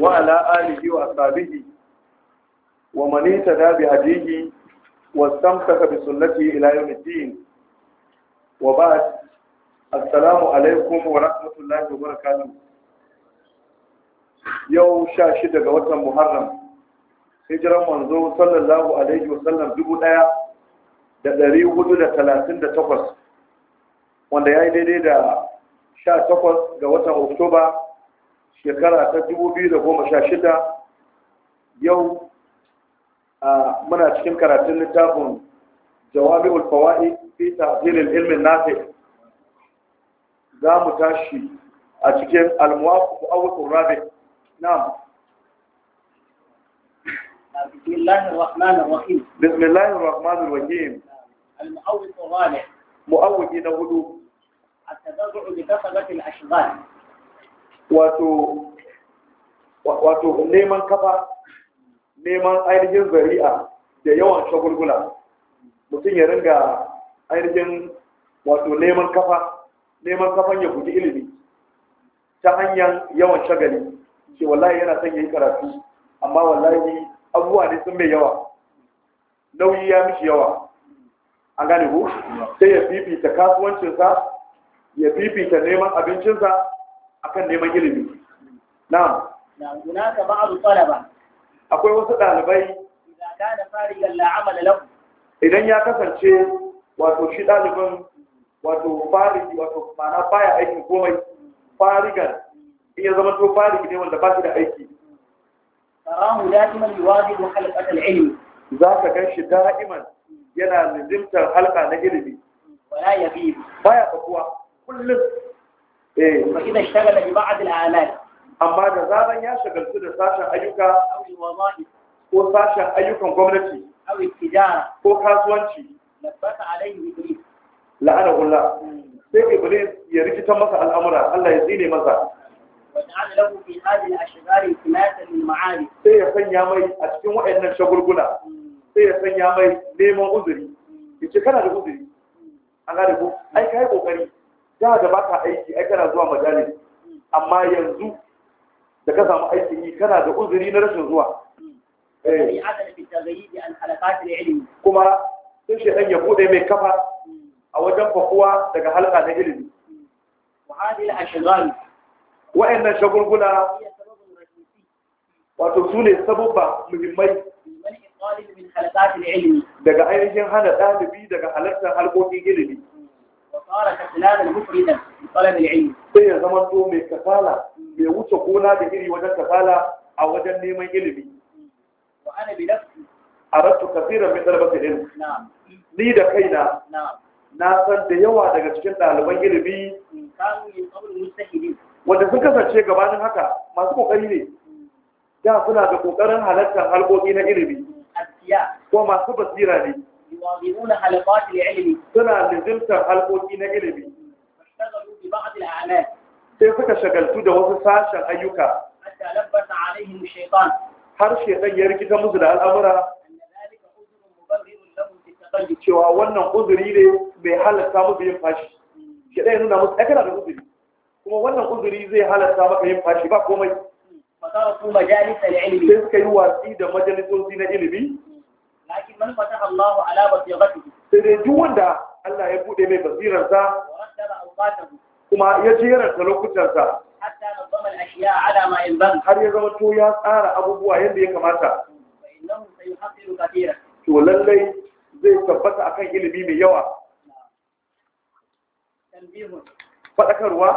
وعلى آله وأصحابه ومن اهتدى بهديه واستمسك بسنته إلى يوم الدين وبعد السلام عليكم ورحمة الله وبركاته yau sha shida ga watan muharram hijiran manzo sallallahu alaihi wasallam dubu daya da dari hudu da talatin da takwas wanda ya yi daidai da sha takwas ga watan oktoba shekara ta dubu biyu da goma sha shida yau muna cikin karatun littafin jawabi ulfawa'i fi tafsirin ilmin nafi za mu tashi a cikin almuwafu awutun rabi na'am بسم الله الرحمن الرحيم بسم الله الرحمن الرحيم المؤوض الرابع مؤوض نهدو التبرع بكثرة الأشغال wato neman kafa neman ainihin zari'a da yawan shagulgula mutum ya ringa ainihin wato neman kafa neman kafan ya guji ilimi ta hanyar yawan shagali ce wallahi yana son yin yi karatu amma wallahi abubuwa ne sun mai yawa nauyi ya mishi yawa an gane ku sai ya fifita kasuwancinsa ya fifita neman abincinsa akan neman ilimi na'am ba hunaka ba'd ba. akwai wasu dalibai idan idan ya kasance wato shi dalibin wato farigi wato mana baya aiki komai farigar in ya zama to farigi ne wanda ba shi da aiki tarahu da'iman yuwazibu halqat ilimi. Za ka gan shi da'iman yana nizimtar halka na ilimi wala yabi baya fakuwa kullum Eh. fa shagala bi ba'd al amma da zaran ya shagaltu da sashen ayyuka ko sashen ayyukan gwamnati ko kasuwanci labbata alaihi iblis la'ana Allah hmm. sai iblis ya rikita masa al'amura Allah ya tsine masa waja'ala lahu fi hadhihi al-ashghari kilatan min ma'arif sai ya sanya mai a cikin wa'annan shagulguna hmm. sai ya sanya mai neman uzuri hmm. Ya yace kana da uzuri an ga ko ai kai kokari da da baka aiki ai kana zuwa majalis amma yanzu da ka samu aiki ni kana da uzuri na rashin zuwa kuma eh. sun shaidan ya bude mai kafa hmm. a wajen fakuwa daga halka na ilimi hmm. wa'annan shagulgula wato su ne sabubba muhimmai daga ainihin hana ɗalibi daga halartar halkokin ilimi صار ya zama mai kasala mai wuce gona da iri wajen kasala a wajen neman ilimi wa ana bi nafsi arattu kaseeran ni da kaina na san da yawa daga cikin ɗaliban ilimi wanda sun kasance gabanin haka masu kokari ne da suna da kokarin halartar harkoki na ilimi ko masu basira ne يواضعون حلقات العلم سنة نزلت حلقوتي نقلبي واشتغلوا ببعض الأعمال سيفك شكلت جوز ساشا أيوكا حتى لبس عليهم الشيطان هر شيطان يركز مزل الأمر أن ذلك حذر مبرر لهم في التقلب شو أولا حذري لي بحل السامو بينفاش شيطان ينونا مستقر بحذري كما أولا حذري زي حل السامو بينفاش بقومي فتركوا مجالس العلمي سيفك يواسيد مجالس العلمي lakin man fataha Allah ala basiratihi sai dai duk wanda Allah ya bude mai basirar sa kuma ya jera ta lokutan sa hatta al ala ma har ya zama to ya tsara abubuwa yadda ya kamata innahu sayuhaqqiqu katira to lallai zai tabbata akan ilimi mai yawa faɗakarwa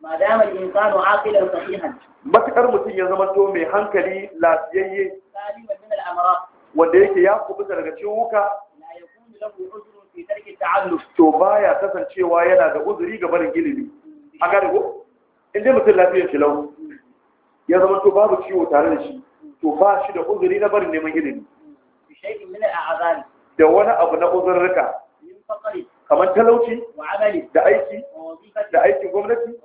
ma dama insanu aqilan sahihan matakar mutum ya zama to mai hankali lafiyayye saliman min al wanda yake ya kubuta daga ciwuka to baya kasancewa yana da uzuri ga barin ilimi a gane inda mutum lafiyar shi lau ya zama to babu ciwo tare da shi to ba shi da uzuri na barin neman ilimi da wani abu na uzurrika kamar talauci da aiki da aikin gwamnati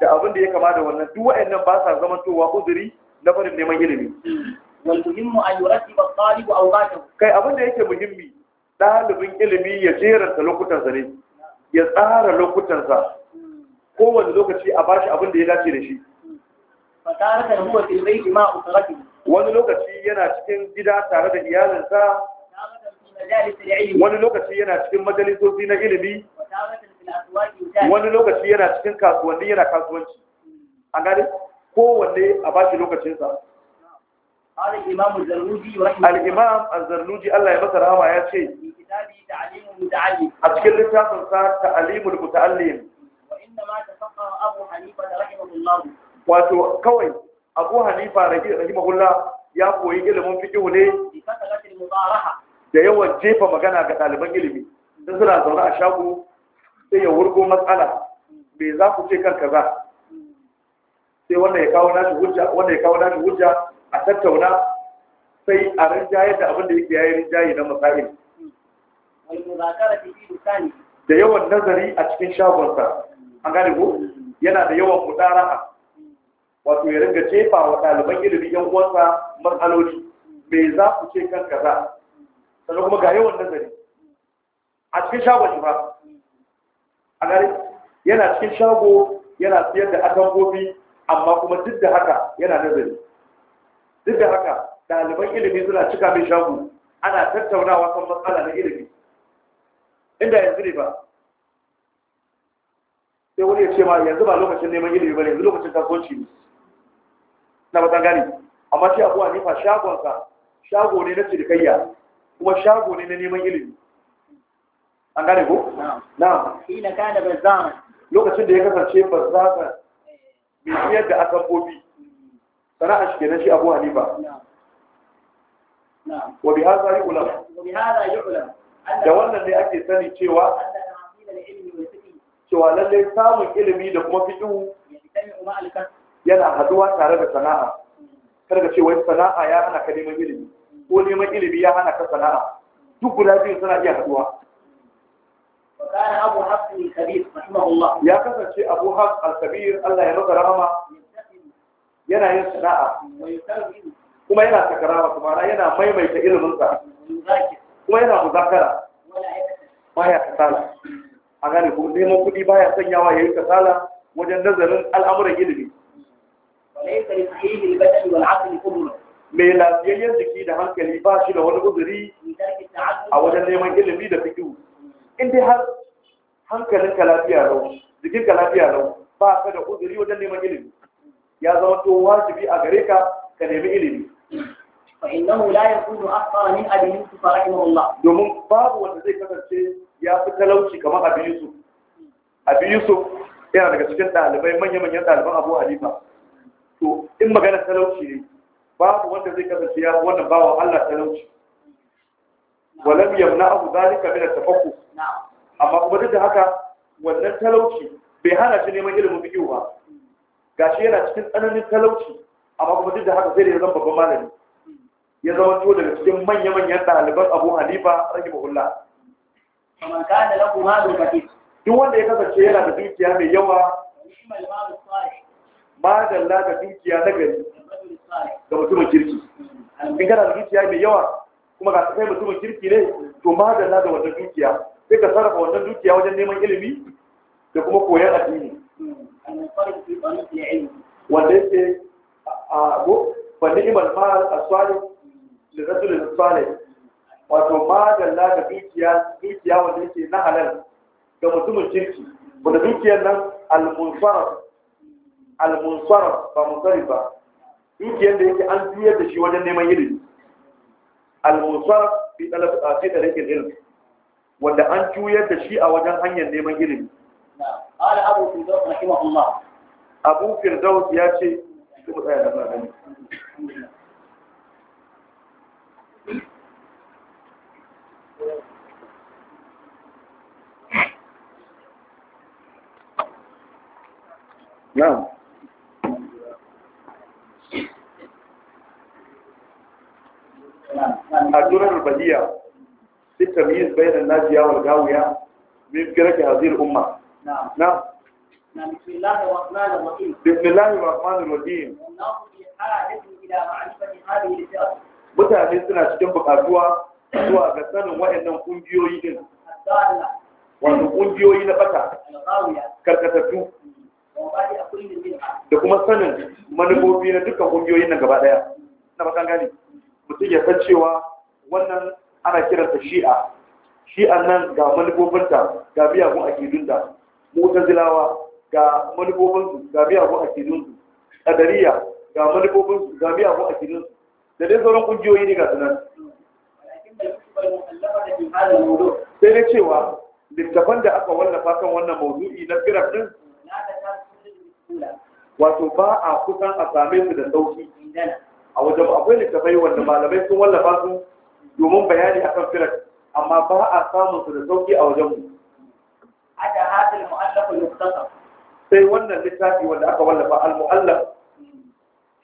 da abin da ya kama da wannan duk nan ba sa zamantowa uzuri na barin neman ilimi hmm. والمهم أن يرتب الطالب أوقاته كي أبدا يكي مهمي ɗalibin ilimi ya jeranta lokutansa ne ya tsara lokaci a bashi abin da ya dace da shi wani lokaci yana cikin gida tare da iyalinsa wani lokaci yana cikin majalisoci na ilimi wani lokaci yana cikin kasuwanni yana kasuwanci an gane kowanne a bashi lokacinsa Al'imam al-Zarnuji Allah ya masa rahama ya ce, A cikin littafin sa, littafinsa ta'alimul muta'allim. Wato, kawai, Abu Hanifa rahimahullah ya koyi ilimin fikihu ne da yawan jefa magana ga ɗaliban ilimi. Da suna zaune a shago sai ya wurgo matsala, bai za ku ce kanka za? Sai wanda ya kawo nashi hujja, a tattauna sai a rinjaye da abin da yake yayi rinjaye na masail da yawan nazari a cikin shagonsa an gane ko yana da yawan a. wato ya ringa jefa wa ɗaliban ilimi yan uwansa matsaloli me za ku ce kan kaza sannan kuma ga yawan nazari a cikin shagon shi ba a gani. yana cikin shago yana siyar da atambobi amma kuma duk da haka yana nazari duk da haka ɗaliban ilimi suna cika mai shago ana tattaunawa kan matsala na ilimi inda yanzu ne ba sai wani ya ce ma yanzu ba lokacin neman ilimi ba yanzu lokacin kasuwanci ne na batan gani amma sai abuwa nifa shagonsa shago ne na cirkayya kuma shago ne na neman ilimi an gane ko? na ina bazan lokacin da ya kasance bazan mai a da akambobi sana'a shi kenan shi abu hanifa wa bi hadha yu'lam da wannan ne ake sani cewa cewa lallai samun ilimi da kuma fiqhu yana haduwa tare da sana'a kada ce wai sana'a ya hana ka neman ilimi ko neman ilimi ya hana ka sana'a duk guda biyu suna iya haduwa ya kasance abu hafs al-kabir Allah ya masa rahama yana yin sana'a kuma yana takarawa kuma yana maimaita iliminsa kuma yana muzakara baya kasala a gane ko neman kuɗi ya sanyawa ya yi kasala wajen nazarin al'amuran ilimi mai lafiyayyen jiki da hankali ba shi da wani uzuri a wajen neman ilimi da fiƙi in dai har hankalinka lafiya rau jikinka lafiya rau ba ka da uzuri wajen neman ilimi ya zama to wajibi a gare ka ka nemi ilimi فإنه لا يكون أخطر من أبي يوسف رحمه الله domin babu wanda zai kasance ya fi talauci kamar Abi Yusuf Abi Yusuf yana daga cikin dalibai manya-manyan dalibai Abu Hanifa to in magana talauci ne babu wanda zai kasance ya fi wannan bawa Allah talauci walam yamna'ahu zalika min at na'am amma kuma duk da haka wannan talauci bai hana shi neman ilimin fiqh ba gashi yana cikin tsananin talauci amma kuma duk da haka sai da ya zama babban malami ya zama to daga cikin manya-manyan ɗaliban abu Halifa, rage mahulla duk wanda ya kasance yana da dukiya mai yawa madalla da dukiya na gari ga mutumin kirki in kana da dukiya mai yawa kuma ga kai mutumin kirki ne to madalla da wannan dukiya sai ka sarrafa wannan dukiya wajen neman ilimi da kuma koyon addini hmm. المنفرد بطريق العلم وليس أبو فنعم المال الصالح للرجل الصالح wato ma da da dukiya dukiya wanda yake na halal ga mutumin kirki wanda dukiyar nan al-munfarar ba munsari ba dukiyar da yake an juyar da shi wajen neman ilimi al-munfarar fi dalil fi dalil ilmi wanda an juyar da shi a wajen hanyar neman ilimi قال أبو فردوس رحمه الله أبو فردوس يا شيخ نعم أجور البديع في التمييز بين يا والغاوية من فكرة هذه الأمة نعم بسم الله الرحمن الرحيم بسم الله الرحمن الرحيم والناس بحاجة إلى معرفة هذه الفئة mutane suna cikin bukatuwa zuwa ga sanin waɗannan ƙungiyoyi din wato ƙungiyoyi na fata karkatattu da kuma sanin manufofi na dukkan ƙungiyoyin nan gaba ɗaya na bakan gani mutum ya san cewa wannan ana kiranta shi'a shi'an nan ga manufofinta ga miyagun akidunta mutazilawa ga manufofinsu ga miyagun akilinsu ƙadariya ga manufofinsu ga miyagun akilinsu da dai sauran ƙungiyoyi ne ga sunan sai dai cewa littafan da aka wallafa kan wannan maudu'i na firar din wato ba a kusan a same su da sauki a wajen akwai littafai wanda malamai sun wallafa su domin bayani akan firar amma ba a samun su da sauki a wajenmu sai wannan littafi wanda aka wallafa al-mu'allaf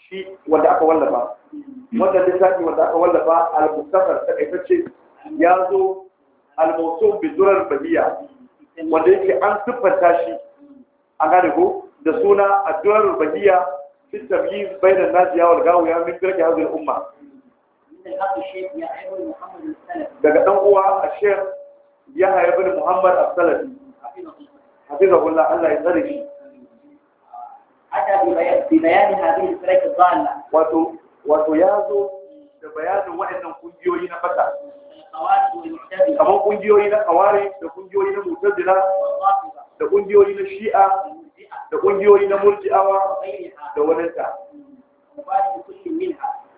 shi wanda aka wallafa hmm. wannan littafi wanda aka wallafa al-mukhtasar takaitacce ya zo al-mawsu bi durar bahiya wanda yake an siffanta shi an gane ko da suna addu'ar bahiya fi tabyiz bayna najiya wal gawiya min dirki hadhihi al-umma daga dan uwa a shekh yahya ibn muhammad as-salafi hafizahullah Allah ya tsare shi ata bi wato wato yazo da bayanin waɗannan kungiyoyi na fata kamar kungiyoyi na kawari da kungiyoyi na mutazila da kungiyoyi na shi'a da kungiyoyi na murji'awa da wadanta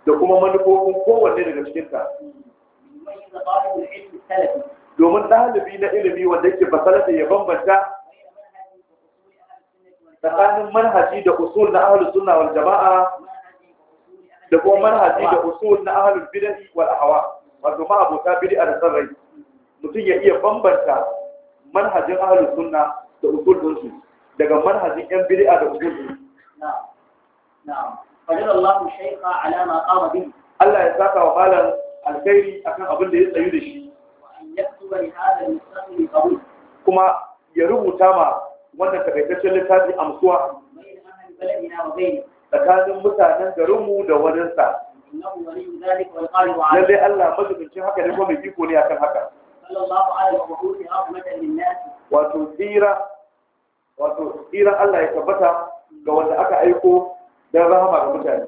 da kuma manufofin kowanne daga cikinta domin ɗalibi na ilimi wanda yake basalata ya bambanta tsakanin manhaji da usul na ahlus suna wal jama'a da kuma manhaji da usul na ahalin bidan wal hawa wato ma abota a da rai mutum ya iya bambanta manhajin ahlus suna da usul din daga manhajin yan a da usul din Allah ya saka wa malam alkhairi akan abin da ya tsayu da shi kuma ya rubuta ma wannan takaitaccen littafi amsuwa tsakanin mutanen garinmu da waninsa lallai Allah mazubincin haka ne kuma iko ne akan haka wato tsira wato tsiran Allah ya tabbata ga wanda aka aiko don rahama ga mutane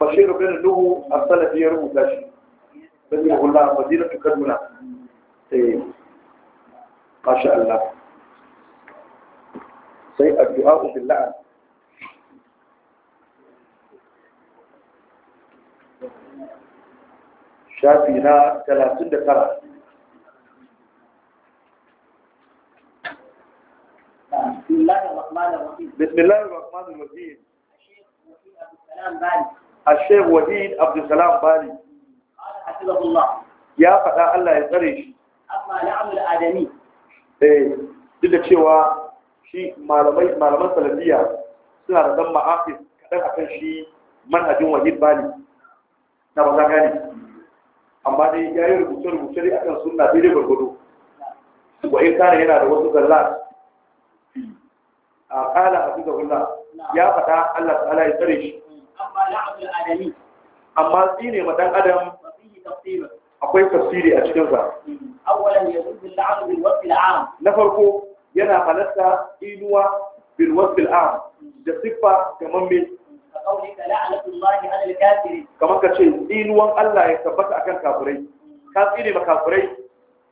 bashir bin nuhu a salafi ya rubuta shi سميه الله مدينة كرملة إيه. ما شاء الله سيء الدعاء باللعن شافي نا 39 بسم الله الرحمن الرحيم بسم الله الرحمن الرحيم الشيخ وحيد عبد السلام بالي الشيخ وحيد عبد السلام بالي ya faɗa Allah ya tsare shi amma amur adami eh duk da cewa shi malamai malaman salafiya suna da ɗan ma'afis kadan akan shi manhajin wahid bali na ba za amma dai ya yi rubuce rubuce a kan suna daidai gwargwado wa in kana yana da wasu zalla. a kala hafizahullah ya faɗa Allah ya tsare shi amma amur adami amma tsine ma dan adam akwai tafsiri a cikin sa awwalan yajuzu al bil wasf al na farko yana halatta inuwa bil wasf al da siffa hmm. kaman me kamar ka ce inuwan Allah ya tabbata akan kafirai hmm. ka tsine ma kafirai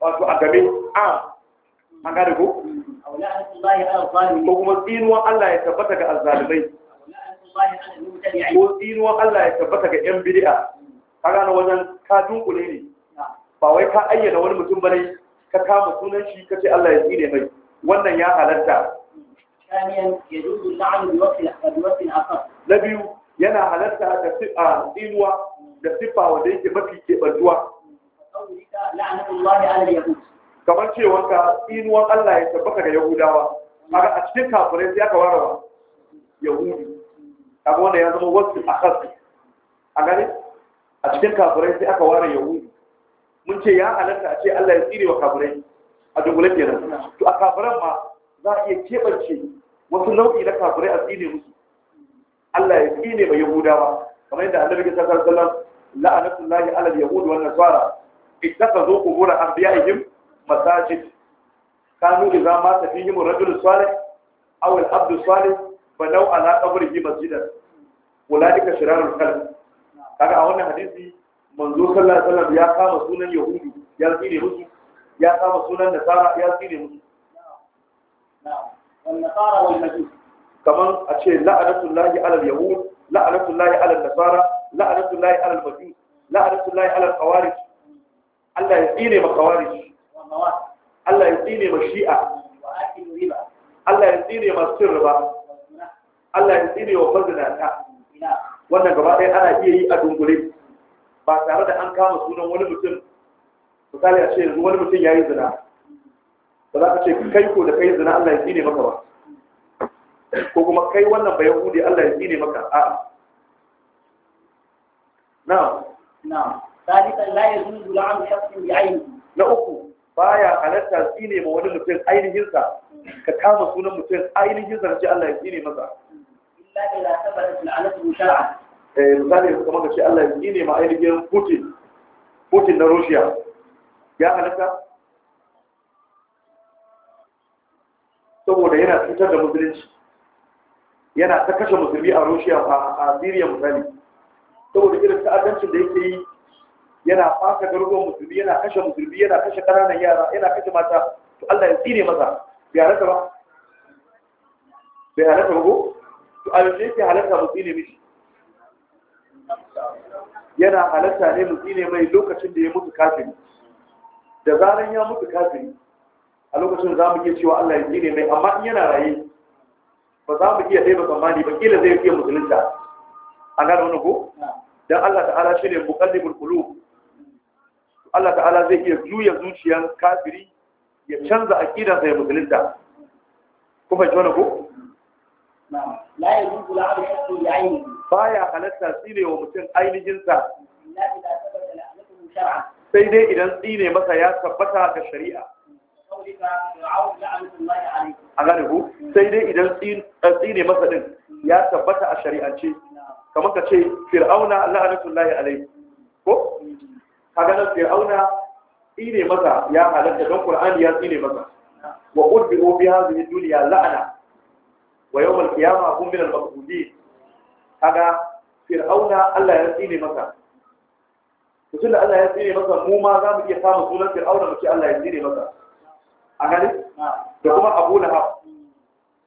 wato a game a hmm. an gane ko ko kuma tsinuwan Allah ya tabbata ga azzalimai ko tsinuwan Allah ya tabbata ga yan bid'a ka gane wajen ka dunkule ne ba wai ka ayyana wani mutum bane ka kama sunan shi kace Allah ya tsire mai wannan ya halatta ثانيا يجوز اللعن بوصف بوصف اخر نبي yana halatta da sifa dinuwa da sifa wanda yake mafi kebantuwa kamar cewa ka dinuwan Allah ya tabbata ga yahudawa kaga a cikin kafirai sai aka warawa yahudi kaga wanda ya zama wasu akhas a gare a cikin kafirai sai aka ware yahudu mun ce ya halarta a ce Allah ya tsire wa kafirai a dubule kenan to a kafiran ma za a iya keɓance wasu nau'i na kafirai a tsine musu Allah ya tsine ba yahudawa kamar yadda annabi sallallahu alaihi wasallam la'anatullahi ala al-yahud wa an-nasara ittakhadhu qubur anbiya'ihim masajid kanu idza mata fihim ar-rajul salih aw al-abd salih banaw ala qabrihi masjidan ulaika shirarul khalq kaga a wannan hadisi manzo sallallahu alaihi wasallam ya kama sunan Yahudi ya tsire musu ya kama sunan nasara ya tsire musu kaman a ce la'anatullahi alal yahud la'anatullahi alal nasara la'anatullahi alal majus la'anatullahi alal khawarij Allah ya tsine ma khawarij Allah ya tsine ma shi'a wa Allah ya tsine ma sirba Allah ya tsine wa fazinata wannan gaba ɗaya ana iya yi a dungure ba tare da an kama sunan wani mutum misali a ce yanzu wani mutum ya yi zina ba za ka ce kai ko da kai zina Allah ya tsine maka ba ko kuma kai wannan bayan hude Allah ya tsine maka a'a na'am na'am ذلك لا يجوز لعن شخص بعينه na uku baya halatta tsine ma wani mutum ainihin sa ka kama sunan mutum ainihin sa ce Allah ya tsine masa illa Eh, misali da suka da shi Allah yi ne ma ainihin Putin Putin na Russia ya halatta saboda yana cutar da musulunci yana ta kashe musulmi a Russia a Syria misali saboda irin ta'adancin da yake yi yana fasa garuruwan musulmi yana kashe musulmi yana kashe ƙananan yara yana kashe mata to Allah yi ne maza, bai halitta ba bai halatta ba ko to a yau yake halatta musulmi ne mishi yana halatta ne mu tsine mai lokacin da ya mutu kafiri da zaran ya mutu kafiri a lokacin za mu iya cewa Allah ya tsine mai amma in yana raye ba za mu iya dai ba tsammani ba kila zai iya musulunta an gane wani ko dan Allah ta'ala shine muqallibul qulub Allah ta'ala zai iya juya zuciyar kafiri ya canza aqidarsa ya musulunta kuma ji wani ko na'am la yajuzu la'al shakku bi'ayni baya halatta tsine wa mutum ainihin sa sai dai idan tsine masa ya tabbata ga shari'a a gane ku sai dai idan eh, tsine masa din ya tabbata a shari'ance kamar ka ce fir'auna la'anatullahi alaihi ko haganar fir'auna tsine masa ya halatta don qur'ani ya tsine masa wa biyu bi hadhihi duniya la'ana wa yawm al-qiyamah hum min kaga fir'auna Allah ya tsine masa to tunda Allah ya tsine masa mu ma za mu iya samun sunan fir'auna mu ce Allah ya tsine masa a gani da kuma Abu Lahab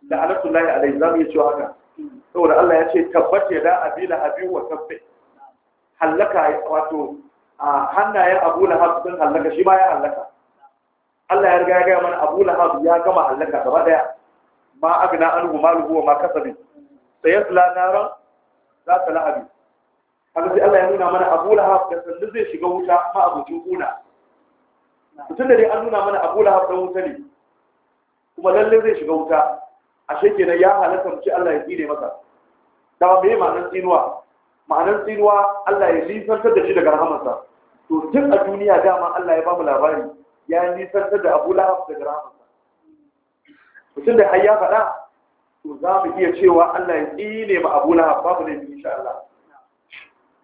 la'anatullahi alaihi zamu iya cewa haka saboda Allah ya ce tabbat ya da abila abi wa tabbi halaka wato a hannayen Abu Lahab sun halaka shi ma ya hallaka. Allah ya riga ya gaya mana Abu Lahab ya gama hallaka gaba daya ma abina anhu maluhu huwa ma kasabi sayasla naran za ta lahabi haka sai Allah ya nuna mana abu lahab da sannu zai shiga wuta ma abokin kuna mutum da dai an nuna mana abu lahab da wuta ne kuma lallai zai shiga wuta ashe kenan ya halatta mu Allah ya tsire masa da me ma'anar tsinuwa ma'anar tsinuwa Allah ya nisantar da shi daga rahamarsa to tun a duniya dama Allah ya ba mu labari ya nisantar da Abu Lahab daga rahamarsa mutum da har ya faɗa to za mu iya cewa Allah ya tsine ma Abu Lahab babu da insha Allah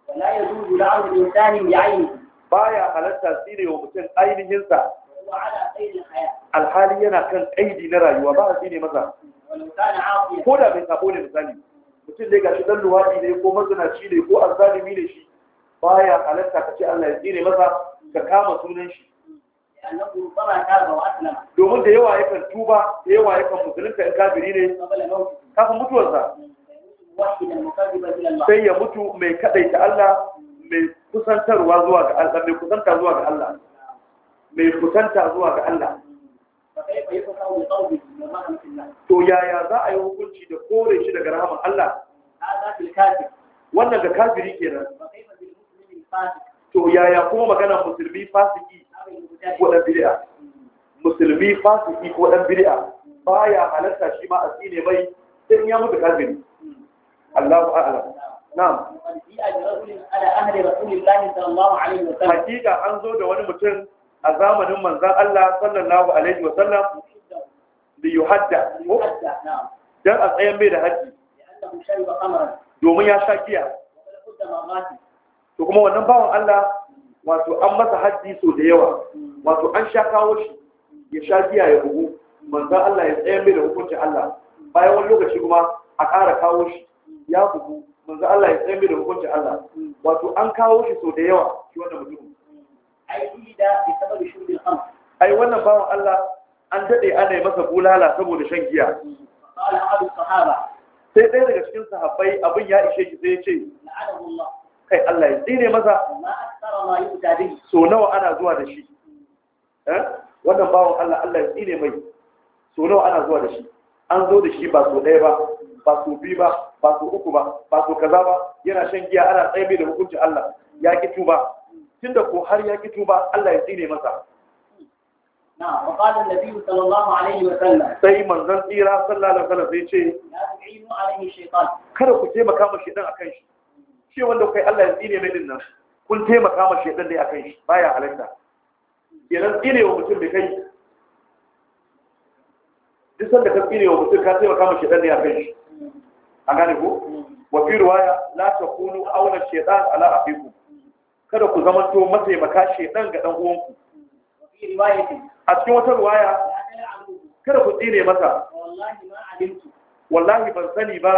wala yajuzu la'an al-insani yi. baya halatta tsine wa mutum ainihin sa alhali yana kan aidi na rayuwa ba a tsine masa ko da bai sabo ne misali mutum ne gashi dan luwadi ne ko mazinaci ne ko azzalimi ne shi baya halatta ka ce Allah ya tsine masa ka kama sunan shi domin da yawa yakan tuba da yawa yakan musulunta in kafiri ne kafin mutuwarsa sai ya mutu mai kadaita Allah mai kusantarwa zuwa ga Allah mai kusanta zuwa ga Allah mai kusanta zuwa ga Allah to yaya za a yi hukunci da kore shi daga rahaman Allah wannan ga kafiri kenan to yaya kuma magana musulmi fasiki ko ɗan bid'a musulmi fasiki ko ɗan bid'a baya halatta shi ma a tsine mai sai ya mutu kafiri Allahu a'lam na'am haƙiƙa an zo da wani mutum a zamanin manzon Allah sallallahu alaihi wa sallam da yuhadda dan a tsayan bai da haji domin ya sha kiya. to kuma wannan bawan Allah wato an masa hajji so da yawa wato an sha kawo shi ya sha biya ya bugu manzo Allah ya tsaya mai da hukuncin Allah bayan wani lokaci kuma a ƙara kawo shi ya bugu manzo Allah ya tsaya mai da hukuncin Allah wato an kawo shi so da yawa shi wannan mutum ai Ai wannan bawan Allah an dade ana yi masa bulala saboda shan giya sai ɗaya daga cikin sahabbai abin ya ishe shi sai ya ce kai Allah ya tsine masa so nawa ana zuwa da shi eh? wannan bawon Allah Allah ya tsine mai so nawa ana zuwa da shi an zo da shi ba so ɗaya ba ba so biyu ba ba so uku ba ba so kaza ba yana shan giya ana tsaye da hukuncin Allah ya ki tuba tunda ko har ya ki tuba Allah ya tsine masa na wa qala sallallahu alaihi wa sallam sai manzon tsira sallallahu alaihi wa sallam sai ce alaihi shaytan kada ku taimaka ma shedan akan shi shi wanda kai Allah ya tsine mai dinnan kun taimaka ma shedan ne akan shi baya halatta kenan tsine wa mutum da kai duk sanda ka tsine wa mutum ka taimaka ma shedan ne akan shi an gane ko wa fi riwaya la takunu auna shedan ala afiku kada ku zama to mataimaka shedan ga dan uwanku a cikin wata riwaya kada ku tsine masa wallahi ban sani ba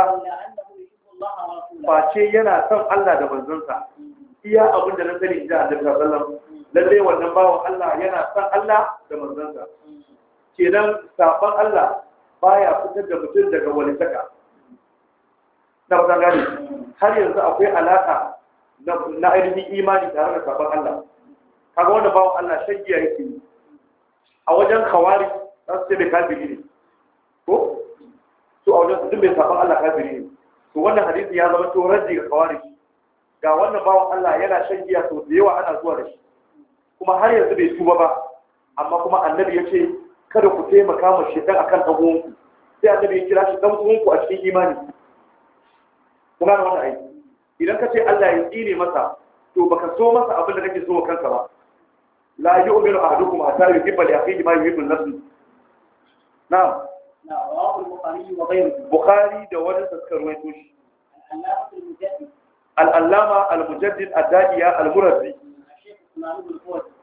face yana son Allah da manzonsa iya abin da na sani da Annabi sallallahu lalle wannan bawan Allah yana son Allah da manzonsa kenan saban Allah baya fitar da mutum daga walitaka na kusan gane har yanzu akwai alaka na ainihin imani tare da saban Allah kaga wanda bawan Allah shagiya yake a wajen kawari za su ce mai kafiri ne ko su a wajen su duk mai saban Allah kafiri ne to wannan hadisi ya zama to ga kawariki ga wannan bawan Allah yana shan giya to da yawa ana zuwa da shi kuma har yanzu bai tuba ba amma kuma annabi ya ce kada ku taimaka ma shaitan akan dan sai annabi ya kira shi dan uwanku a cikin imani kuma wannan aiki idan ka ce Allah ya tsire masa to baka so masa abin da kake so kanka ba la yu'minu ahadukum hatta yuhibba li akhihi ma yuhibbu nafsi na'am na'am bukhari da wani saskar wai tushi al'allama al mujaddin al-dadiya al-murazi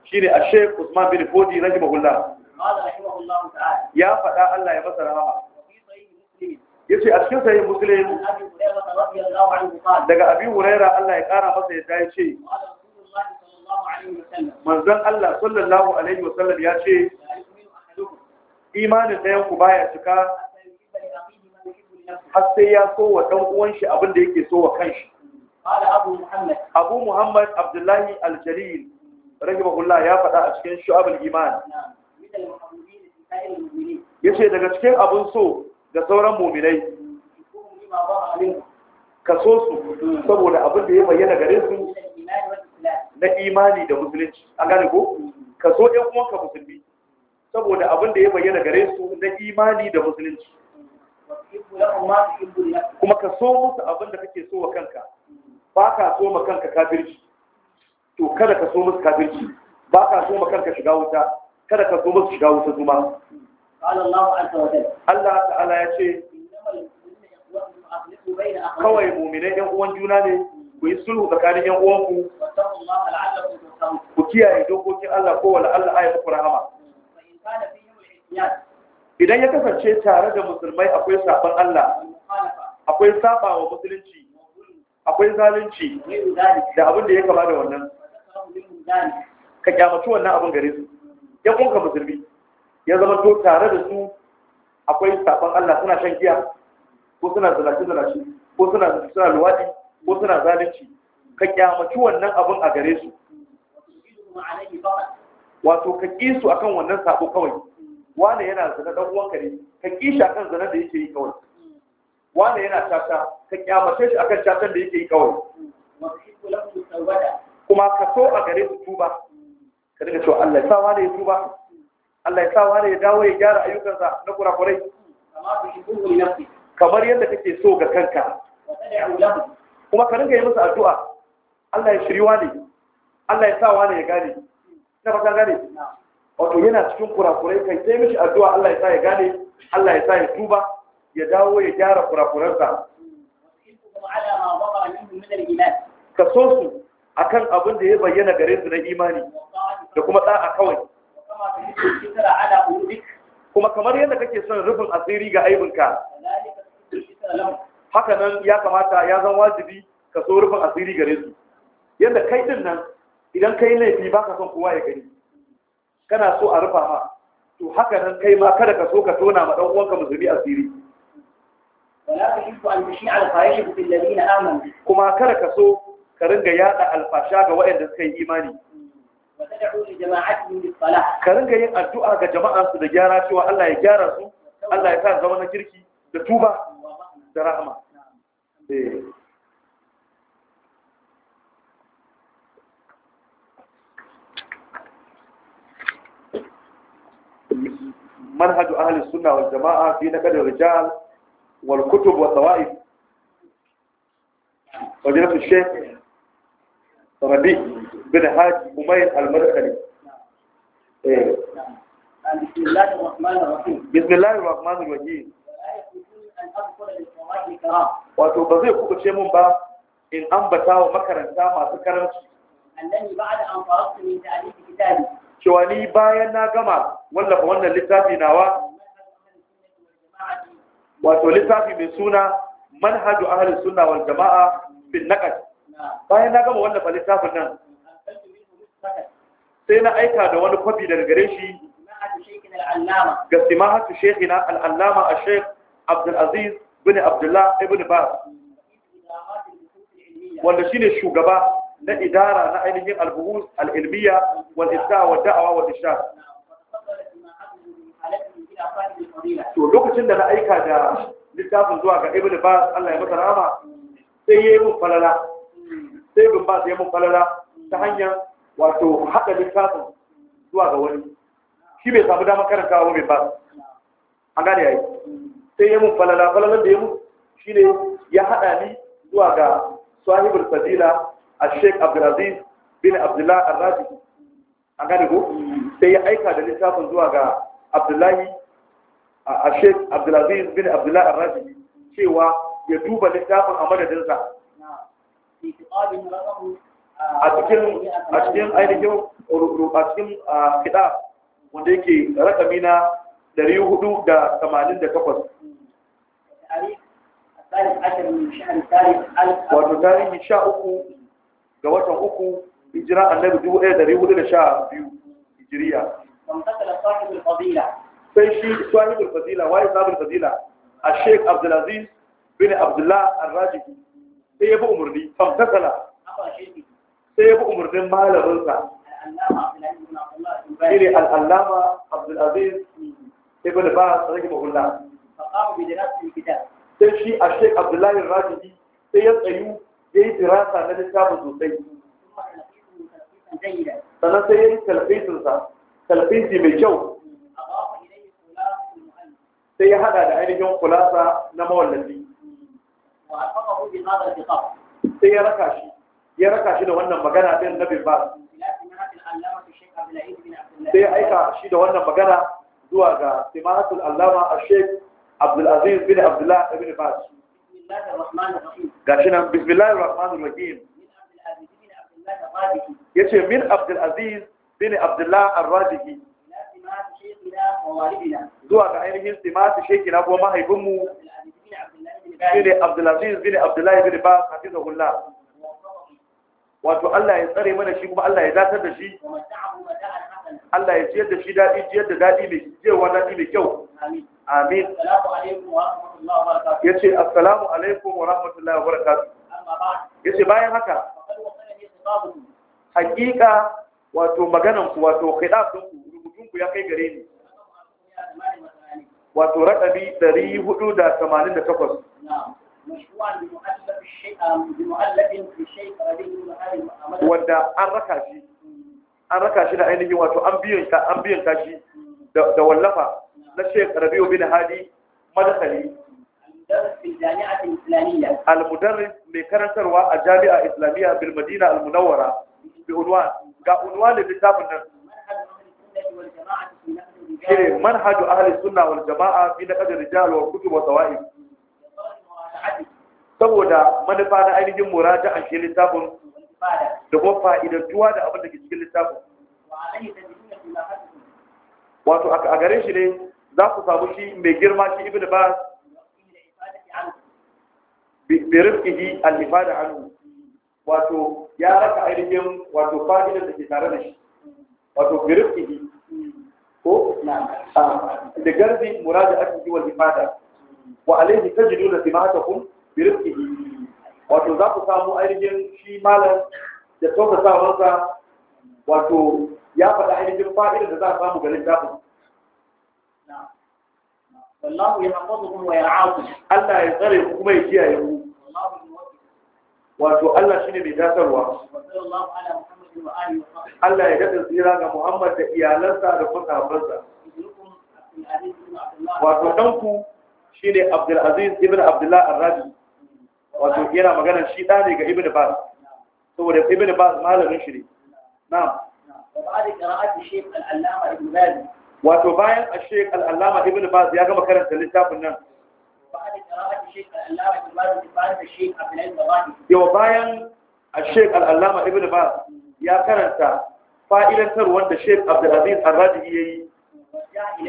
shi ne a sheik usman bin fodi na jimahullah ya faɗa allah ya masa rahama ya ce a cikin sayin musulun daga abin wuraira allah ya ƙara masa ya ya ce manzan allah sallallahu alaihi wasallam ya ce imanin ɗayanku baya cika har sai ya so wa ɗan uwan shi abin da yake so wa kanshi abu muhammad abdullahi aljalil rahimahullah ya faɗa a cikin shu'abul iman yace daga cikin abin so ga sauran mu'minai ka so su saboda abin da ya bayyana gare su na imani da musulunci A gane ko mm-hmm. ka so ɗan ka musulmi saboda abin da ya bayyana gare su na imani da musulunci kuma ka so musu abin da kake so wa kanka ba ka so ma kanka kafirci to kada ka so musu kafirci ba ka so ma kanka shiga wuta kada ka so musu shiga wuta zuma Allah ta'ala ya ce kawai muminai yan uwan juna ne ku yi sulhu tsakanin yan uwanku ku kiyaye dokokin Allah ko wala Allah ayyuka rahama idan ya kasance tare da musulmai akwai sabon Allah akwai saba wa musulunci akwai zalunci da abin da ya kama da wannan ka kyamaci wannan abin gare su ya kunka musulmi ya zama to tare da su akwai sabon Allah suna shan giya ko suna zalace zalace ko suna suna luwadi ko suna zalunci ka kyamaci wannan abin a gare su wato ka ƙi su akan wannan sabo kawai wane yana zina dan uwanka ne ka kisha kan zina da yake yi kawai wane yana tata ka kyamace shi akan tatan da yake yi kawai kuma ka so a gare su tuba ka daga cewa Allah ya sa wane ya tuba Allah ya sa wane ya dawo ya gyara ayyukansa na kurakurai kamar yadda kake so ga kanka kuma ka ringa yi musu addu'a Allah ya shiri wane Allah ya sa wane ya gane na ta gane wato yana cikin kurakurai kai sai mishi addu'a Allah ya sa ya gane Allah ya sa ya tuba ya dawo ya gyara kurakuransa ka so su akan abin da ya bayyana gare su na imani da kuma da'a kawai kuma kamar yadda kake son rufin asiri ga aibinka haka nan ya kamata ya zan wajibi ka so rufin asiri gare su yadda kai din nan idan kai laifi ba ka son kowa ya gani kana so a rufa ma to haka nan kai ma kada ka so ka tona ma dan uwanka musulmi asiri kuma kada ka so ka ringa yada alfasha ga waɗanda suka yi imani ka ringa yin addu'a ga jama'ansu da gyara cewa Allah ya gyara su Allah ya sa zama na kirki da tuba da rahama Manhaju ahli sunna wal jamaa fi naqd al rijal wal kutub wa tawaif fadilat al shaykh rabi bin haj umayr al بسم الله الرحمن الرحيم wato ba zai ce mun ba in ambata wa makaranta masu karanci cewa ni bayan na gama wallafa wannan littafi nawa wato littafi mai suna manhaju ahalin sunna wal jama'a bin naqas bayan na gama wallafa littafin nan sai na aika da wani kwafi daga gare shi ga simahatu shekina al'allama a shek abdulaziz bin abdullah ibn bas wanda shine shugaba na idara na ainihin al-buhus al-ilmiya wal isda wa da'awa wal irshad to lokacin da na aika da littafin zuwa ga ibnu bas Allah ya masa rahama sai yayi mun falala sai ibnu bas ya mun falala ta hanyar wato hada littafin zuwa ga wani shi bai samu damar karantawa ba bai ba an gane yayi sai ya mun falala falalan da ya mun shine ya hada ni zuwa ga sahibul fadila a sheik abdulaziz bin abdullahi arrazi an ya aika da littafin zuwa ga cewa ya duba littafin a madadinsa a cikin a cikin ainihin a cikin kiɗa wanda yake rakami na 488 wato tarihi sha uku ga watan uku hijira annabi dubu ɗaya ɗari hudu da sha biyu hijiriya sai shi sahibul fadila waye sahibul fadila a sheik abdulaziz bin abdullah arrajiki sai ya bi umarni famtasala sai ya bi umarnin malaminsa shine al'allama abdulaziz ibn ba sarki mahulla sai shi a sheik abdullahi arrajiki sai ya tsayu ya yi dirasa na littafin sosai sannan sai ya yi talfisinsa talfisi mai kyau sai ya hada da ainihin kulasa na mawallafi sai ya raka shi ya raka shi da wannan magana ɗin na bin ba sai ya aika shi da wannan magana zuwa ga timahatul allama a sheik abdulaziz bin abdullah ibn bas gashi nan bismillahir rahmanir rahim yace min abdul aziz bin abdullah ar-radihi zuwa ga ainihin simati shekina ko mahaifinmu shine abdulaziz bin abdullahi bin ba hafizahullah wato Allah ya tsare mana shi kuma Allah ya datar da shi Allah ya ciyar da shi daɗi ciyar da cewa daɗi mai kyau amin ya ce assalamu alaikum wa rahmatullahi wa barakatu ya ce bayan haka hakika wato magananku wato kaidatunku, rubutunku ya kai gare ni wato raɗabi 488 wanda an raka shi an raka shi da ainihin wato an biyan kashi da wallafa na ربيو بن هادي Hadi المدرس al-mudarris mai karantarwa a Jami'a Islamiyya bil Madina a munawwara bi unwan ga unwan da littafin nan shine jama'a fi saboda manufa na ainihin a shi littafin da kuma fa'idantuwa da abin da ke cikin littafin wato a gare shi ne za ku samu shi mai girma shi ibn ba? bi rizqihi al ifada anhu wato ya raka ainihin wato fa'idar da ke tare da shi wato bi rizqihi ko da garbi gardi murada akihi wal ifada wa jiru alayhi tajiduna kun, bi rizqihi wato za ku samu ainihin shi malam da tausasawarsa wato ya faɗa ainihin fa'idar da za a samu ga littafin wallahu yahfazuhum wa yar'ahum Allah ya tsare ku kuma ya kiyaye ku wato Allah shine mai dasarwa Allah ya gada tsira ga Muhammad da iyalansa da kusabansa wato danku shine Abdul Aziz ibn Abdullah ar wato yana magana shi da ne ga Ibn Baz saboda Ibn Baz malamin shi ne na'am wa ba'da qira'ati Sheikh Al-Allama Ibn Baz wato bayan a shek al'allama ibn baz ya gama karanta littafin nan yau bayan a shek al'allama ibn baz ya karanta fa'ilantar wanda shek abdulaziz arraji ya yi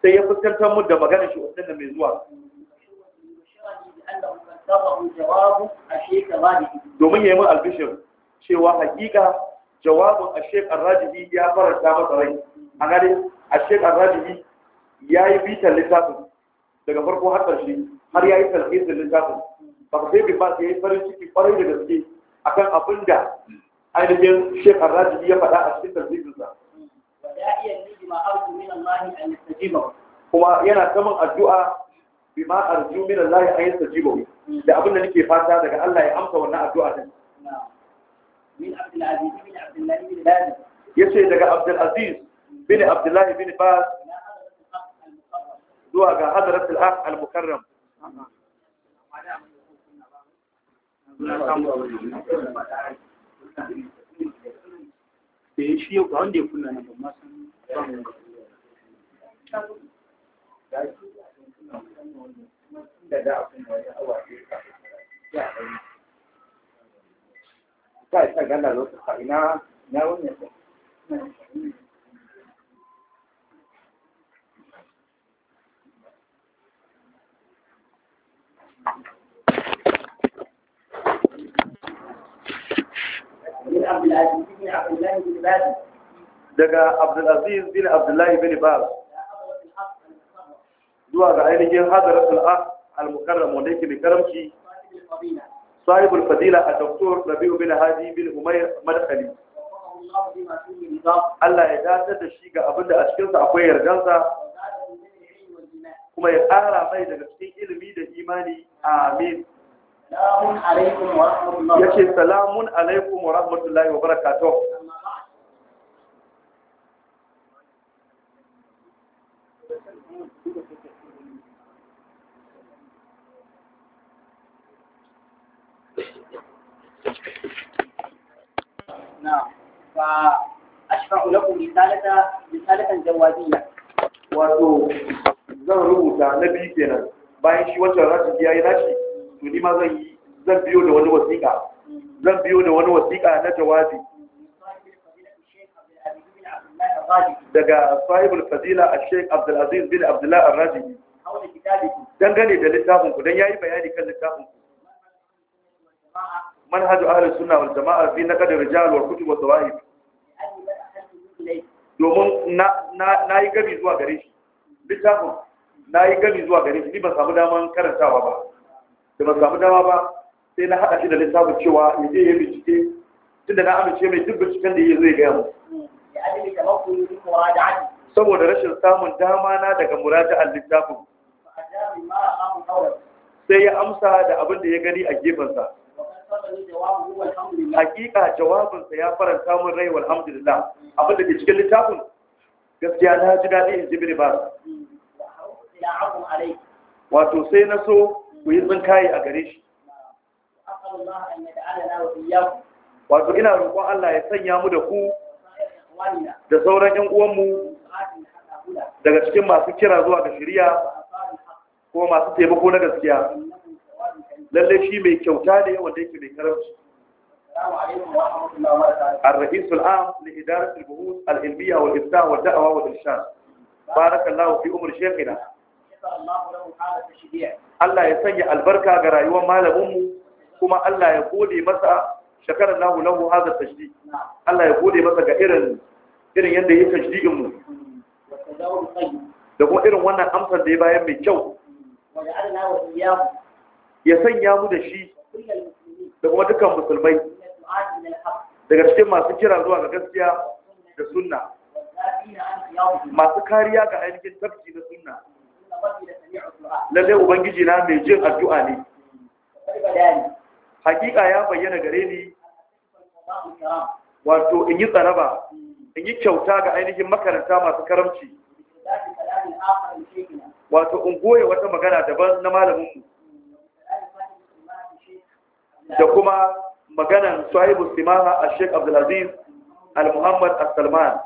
sai ya fuskantar mu da maganar shi wasu da mai zuwa domin ya yi mun albishir cewa haƙiƙa jawabin a shek arraji ya faranta masa rai a a shek arrajibi ya yi bitan littafin daga farko har ƙarshe har ya yi talhisin littafin ba ka sai bimba ya yi farin ciki farin da gaske a kan abin da ainihin shek arrajibi ya faɗa a cikin talhisinsa kuma yana saman addu'a bima arju min Allah ya ayyata jibo da abin da nake fata daga Allah ya amsa wannan addu'a din min Abdul Aziz bin Abdullah bin ya yace daga Abdul Aziz bin abdullahi bin bas zuwa ga hadarat al-akh al-mukarram da shi yau ga wanda ya kunna na ba san ta ta gana lokacin ina na wannan Abdulaziz Abdullahi daga Abdulaziz bin Abdullahi bin Baz zuwa ga ainihin hadaratul akh al-mukarram wanda yake da karamci صاحب الفضيلة الدكتور ربيع بن هادي بن أمير مدخلي Allah ya dace da shi ga abinda a cikinsa akwai yardansa kuma ya ƙara mai daga cikin ilimi da imani amin Yake salamun alaikum wa rahmatullahi wa barakatuh فأشرع لكم رسالة رسالة جوازية wato zan rubuta na biyu kenan bayan shi wancan rashi ya yi rashi to ni ma zan yi zan biyo da wani wasiƙa zan biyo da wani wasiƙa na jawabi daga sahibul fadila al-sheikh abdul aziz bin abdullahi arrajibi dangane da littafin ku dan yayi bayani kan littafin ku manhaj ahli sunna wal jama'a fi naqd rijal wal kutub wa sawahib domin na yi gami zuwa gare shi littafin na yi gami zuwa gare shi ni ban samu daman karantawa ba da ba samu dama ba sai na haɗa shi da lissafin cewa ya je ya bincike tun da na amince mai duk binciken da ya zai gaya mu saboda rashin samun dama na daga a littafin sai ya amsa da abin da ya gani a gefensa hakika jawabinsa ya faranta min rai walhamdulillah abin da ke cikin littafin gaskiya na ji daɗi in ji biri ba wato sai na so ku yi tsinkaye a gare shi wato ina roƙon Allah ya sanya mu da ku da sauran ƴan uwanmu daga cikin masu kira zuwa ga shari'a ko masu taimako na gaskiya lalle shi mai kyauta ne wanda yake mai karanci الرئيس العام لإدارة البحوث العلمية والإفتاء والدعوة والإرشاد بارك الله في أمر شيخنا Allah ya sanya albarka ga rayuwar malaminmu kuma Allah ya gode masa shakarar lahu lahu hazar tashdi Allah ya gode masa ga irin irin yadda ya tashdi mu da kuma irin wannan amsar da ya bayan mai kyau ya sanya mu da shi da kuma dukkan musulmai daga cikin masu kira zuwa ga gaskiya da sunna masu kariya ga ainihin tafki na sunna lallai ubangiji na mai jin addu'a ne hakika ya bayyana gare ni wato in yi tsaraba in yi kyauta ga ainihin makaranta masu karamci wato in goye wata magana daban na malaminmu da kuma maganan sahibu simaha a sheik abdulaziz al-muhammad al-salman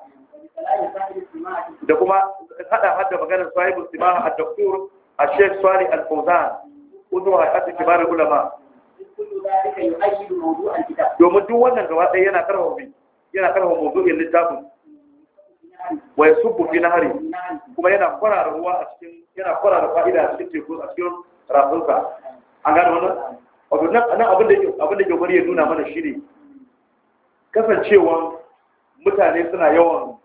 da kuma هذا حد maganar صاحب simaha الدكتور الشيخ صالح الفوزان Salih al كبار العلماء hay'at kibar domin duk wannan gaba yana karfafa yana karfafa mawdu'in littafin wa yasubbu fi kuma yana kwarara ruwa a cikin yana kwarara fa'ida a cikin teku a cikin rafunsa an gane wannan nan abin da abin da ya nuna mana shine kasancewa mutane suna yawan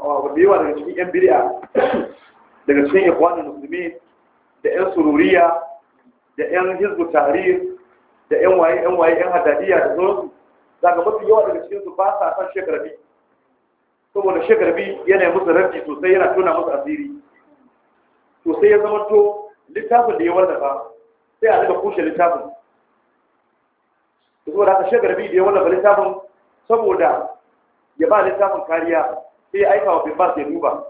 da yawa daga cikin yan biriya, daga cikin ikwanin musulmi da yan sururiya da yan hizbu tarihi, da yan waye yan waye yan hadadiya da sauransu daga mafi yawa daga cikin su ba sa san shekarbi saboda shekarbi yana yi musu rabbi sosai yana tona musu asiri Sosai ya zama to littafin da ya wallafa sai a daga kushe littafin saboda haka shekarbi da ya wallafa littafin saboda ya ba littafin kariya sai aika wa bimbas ya duba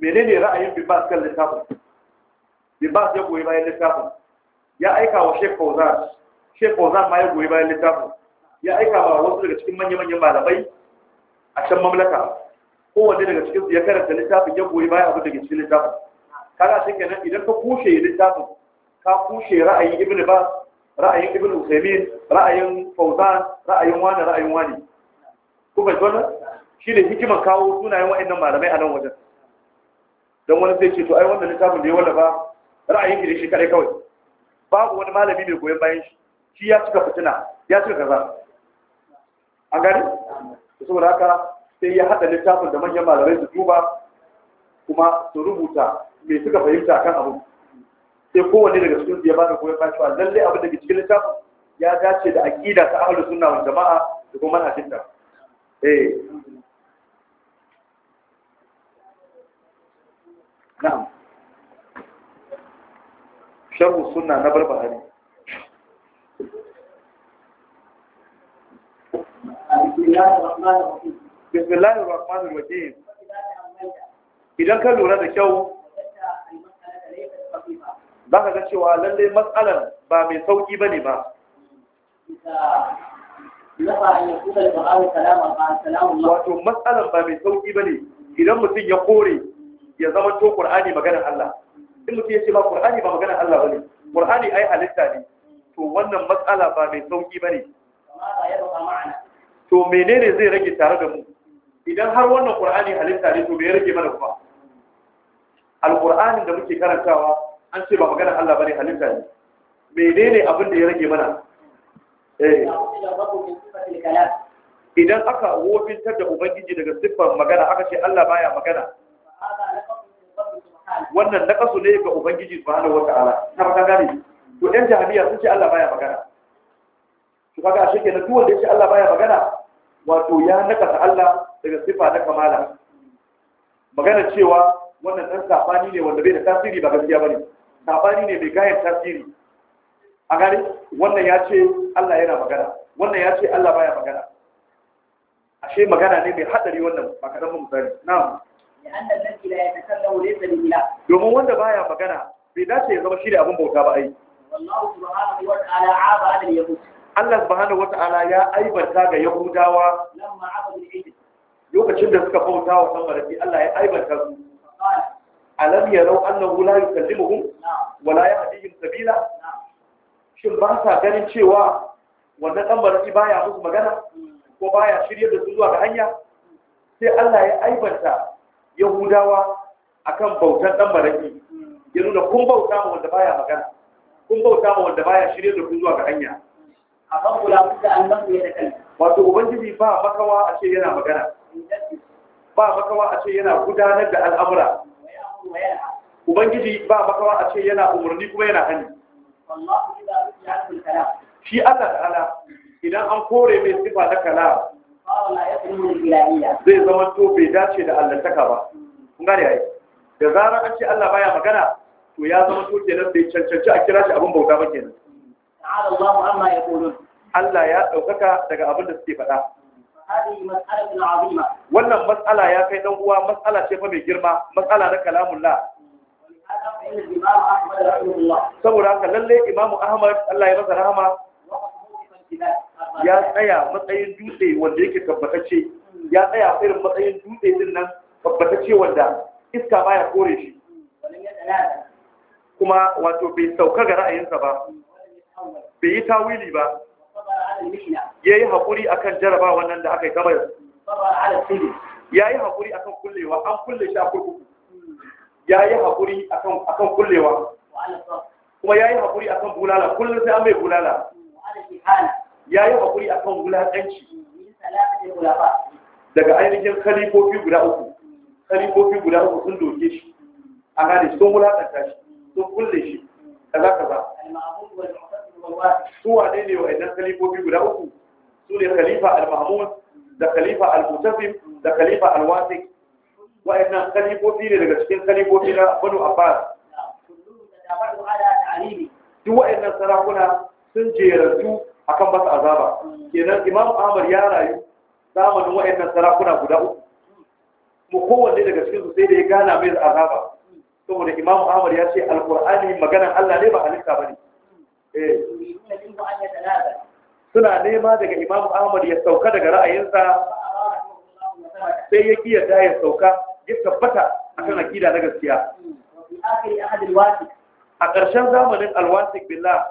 menene ra'ayin bimbas kan littafin bimbas ya goyi bayan littafin ya aika wa shek fauzan shek fauzan ma ya goyi bayan littafin ya aika wa wasu daga cikin manya-manyan malamai a can mamlaka kowanne daga cikin su ya karanta littafin ya goyi bayan abin da ke cikin littafin kaga shi kenan idan ka kushe littafin ka kushe ra'ayin ibnu ba ra'ayin ibnu usaimin ra'ayin fauzan ra'ayin wani ra'ayin wani bai jona Shi ne hikima kawo sunayen wa'annan malamai a nan wajen Don wani zai ce to ai wanda littafin da ya wallafa ra'ayin ki shi kare kawai babu wani malami mai goyon bayan shi shi ya cika fitina ya cika kaza A gani saboda haka sai ya hada littafin da manyan malamai su duba kuma su rubuta mai suka fahimta kan abu sai kowanne daga cikin ya ba da goyon bayan cewa lalle abin da ke cikin littafin ya dace da aƙida ta ahlus sunna wal jama'a da kuma manhajin ta eh na'am sharhu sunna na barbahari bismillahir rahmanir rahim idan ka lura da kyau ba ka ga cewa lallai matsalar ba mai sauƙi ba ne ba wato matsalar ba mai sauƙi ba ne idan mutum ya kore ya zama to Qur'ani maganar Allah in mutum ya ce ba Qur'ani ba maganar Allah bane Qur'ani ai halitta ne to wannan matsala ba mai sauki bane to menene zai rage tare da mu idan har wannan Qur'ani halitta ne to me ya rage mana kuma Al-Qur'anin da muke karantawa an ce ba maganar Allah bane halitta ne menene abin da ya rage mana eh idan aka wofintar da ubangiji daga siffar magana aka ce Allah baya magana wannan kasu ne ga ubangiji wata wataala ta baka gane to ɗan jahiliya sun ce Allah baya magana to kaga shi kenan duk wanda ya ce Allah baya magana wato ya nakasa Allah daga sifa na kamala magana cewa wannan dan sabani ne wanda bai da tasiri ba gaskiya bane sabani ne bai gayar tasiri a gani wannan ya ce Allah yana magana wannan ya ce Allah baya magana ashe magana ne mai hadari wannan ba kadan mu sani na'am domin wanda baya magana bai dace ya zama shi da abin bauta ba ai Allah subhanahu wata'ala ya aibarta ga Yahudawa lokacin da suka bauta wa san baraki Allah ya aibarta su alam yarau annahu la yukallimuhum Wala ya yahdihim sabila shin ba sa ganin cewa wannan dan ba ya musu magana ko ya shirye da su zuwa ga hanya sai Allah ya aibarta. yahudawa akan bautan dan baraki ya nuna kun bauta ma wanda baya magana kun bauta ma wanda baya shirye da kun zuwa ga hanya a kan kula da annabi ya da wato ubangiji ba makawa a ce yana magana ba makawa a ce yana gudanar da al'amura ubangiji ba makawa a ce yana umarni kuma yana hani shi Allah ta'ala idan an kore mai sifa na kalam zai zama to bai dace da allantaka ba kun gane ai da zarar an ce Allah baya magana to ya zama to kenan bai cancanci a kira shi abin bauta ba kenan Allah ya ɗaukaka daga abin da suke faɗa wannan matsala ya kai ɗan uwa matsala ce fa mai girma matsala na kalamullah saboda haka lalle imamu ahmad Allah ya masa rahama ya tsaya matsayin dutse wanda yake tabbatacce ya tsaya irin matsayin dutse din nan tabbatacce wanda iska baya kore shi kuma wato bai sauka ga ra'ayinsa ba bai yi tawili ba ya yi haƙuri a kan jaraba wannan da aka yi gabar ya yi haƙuri a kan kullewa an kulle shi a kurkuku ya yi haƙuri a kan kullewa kuma ya yi haƙuri a kan bulala kullum sai an bai bulala ya yi haƙuri a kan wulaƙanci daga ainihin kalifofi guda uku kalifofi guda uku sun doke shi a gane sun wulaƙanta shi sun kulle shi kaza kaza su wane ne wa'annan kalifofi guda uku su ne khalifa al-mahmud da khalifa al-mutasim da khalifa al-wasiq wa'annan kalifofi ne daga cikin kalifofi na banu abbas duk wa'annan sarakuna sun jeratu akan ba su azaba kenan imam ahmad ya rayu zamanin wa'annan sarakuna guda uku mu kowanne daga cikin su sai da ya gana mai azaba saboda imam ahmad ya ce alqur'ani maganan Allah ne ba halitta bane eh. suna nema daga imam ahmad ya sauka daga ra'ayinsa sai ya kiyata da ya sauka ya tabbata akan akida na gaskiya a ƙarshen zamanin alwatik billah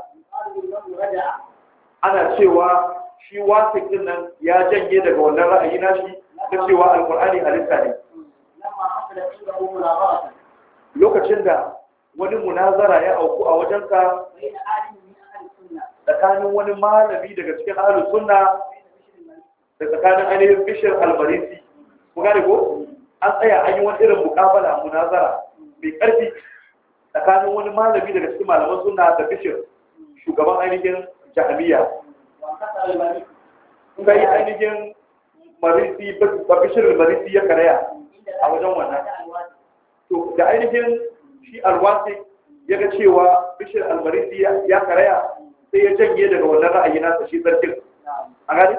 ana cewa shi wasik din nan ya janye daga wannan ra'ayi na shi ta cewa alkur'ani halitta ne lokacin da wani munazara ya auku a wajensa tsakanin wani malami daga cikin ahlus sunna da tsakanin ainihin bishir almarisi ku gane ko an tsaya an yi wani irin mukabala munazara mai karfi tsakanin wani malami daga cikin malaman sunna da bishir shugaban ainihin jahiliya kun ainihin marisi bakishirin marisi ya karaya a wajen wannan to da ainihin shi alwasi ya ga cewa bishir almarisi ya karaya sai ya janye daga wannan ra'ayi nasa shi sarkin a gani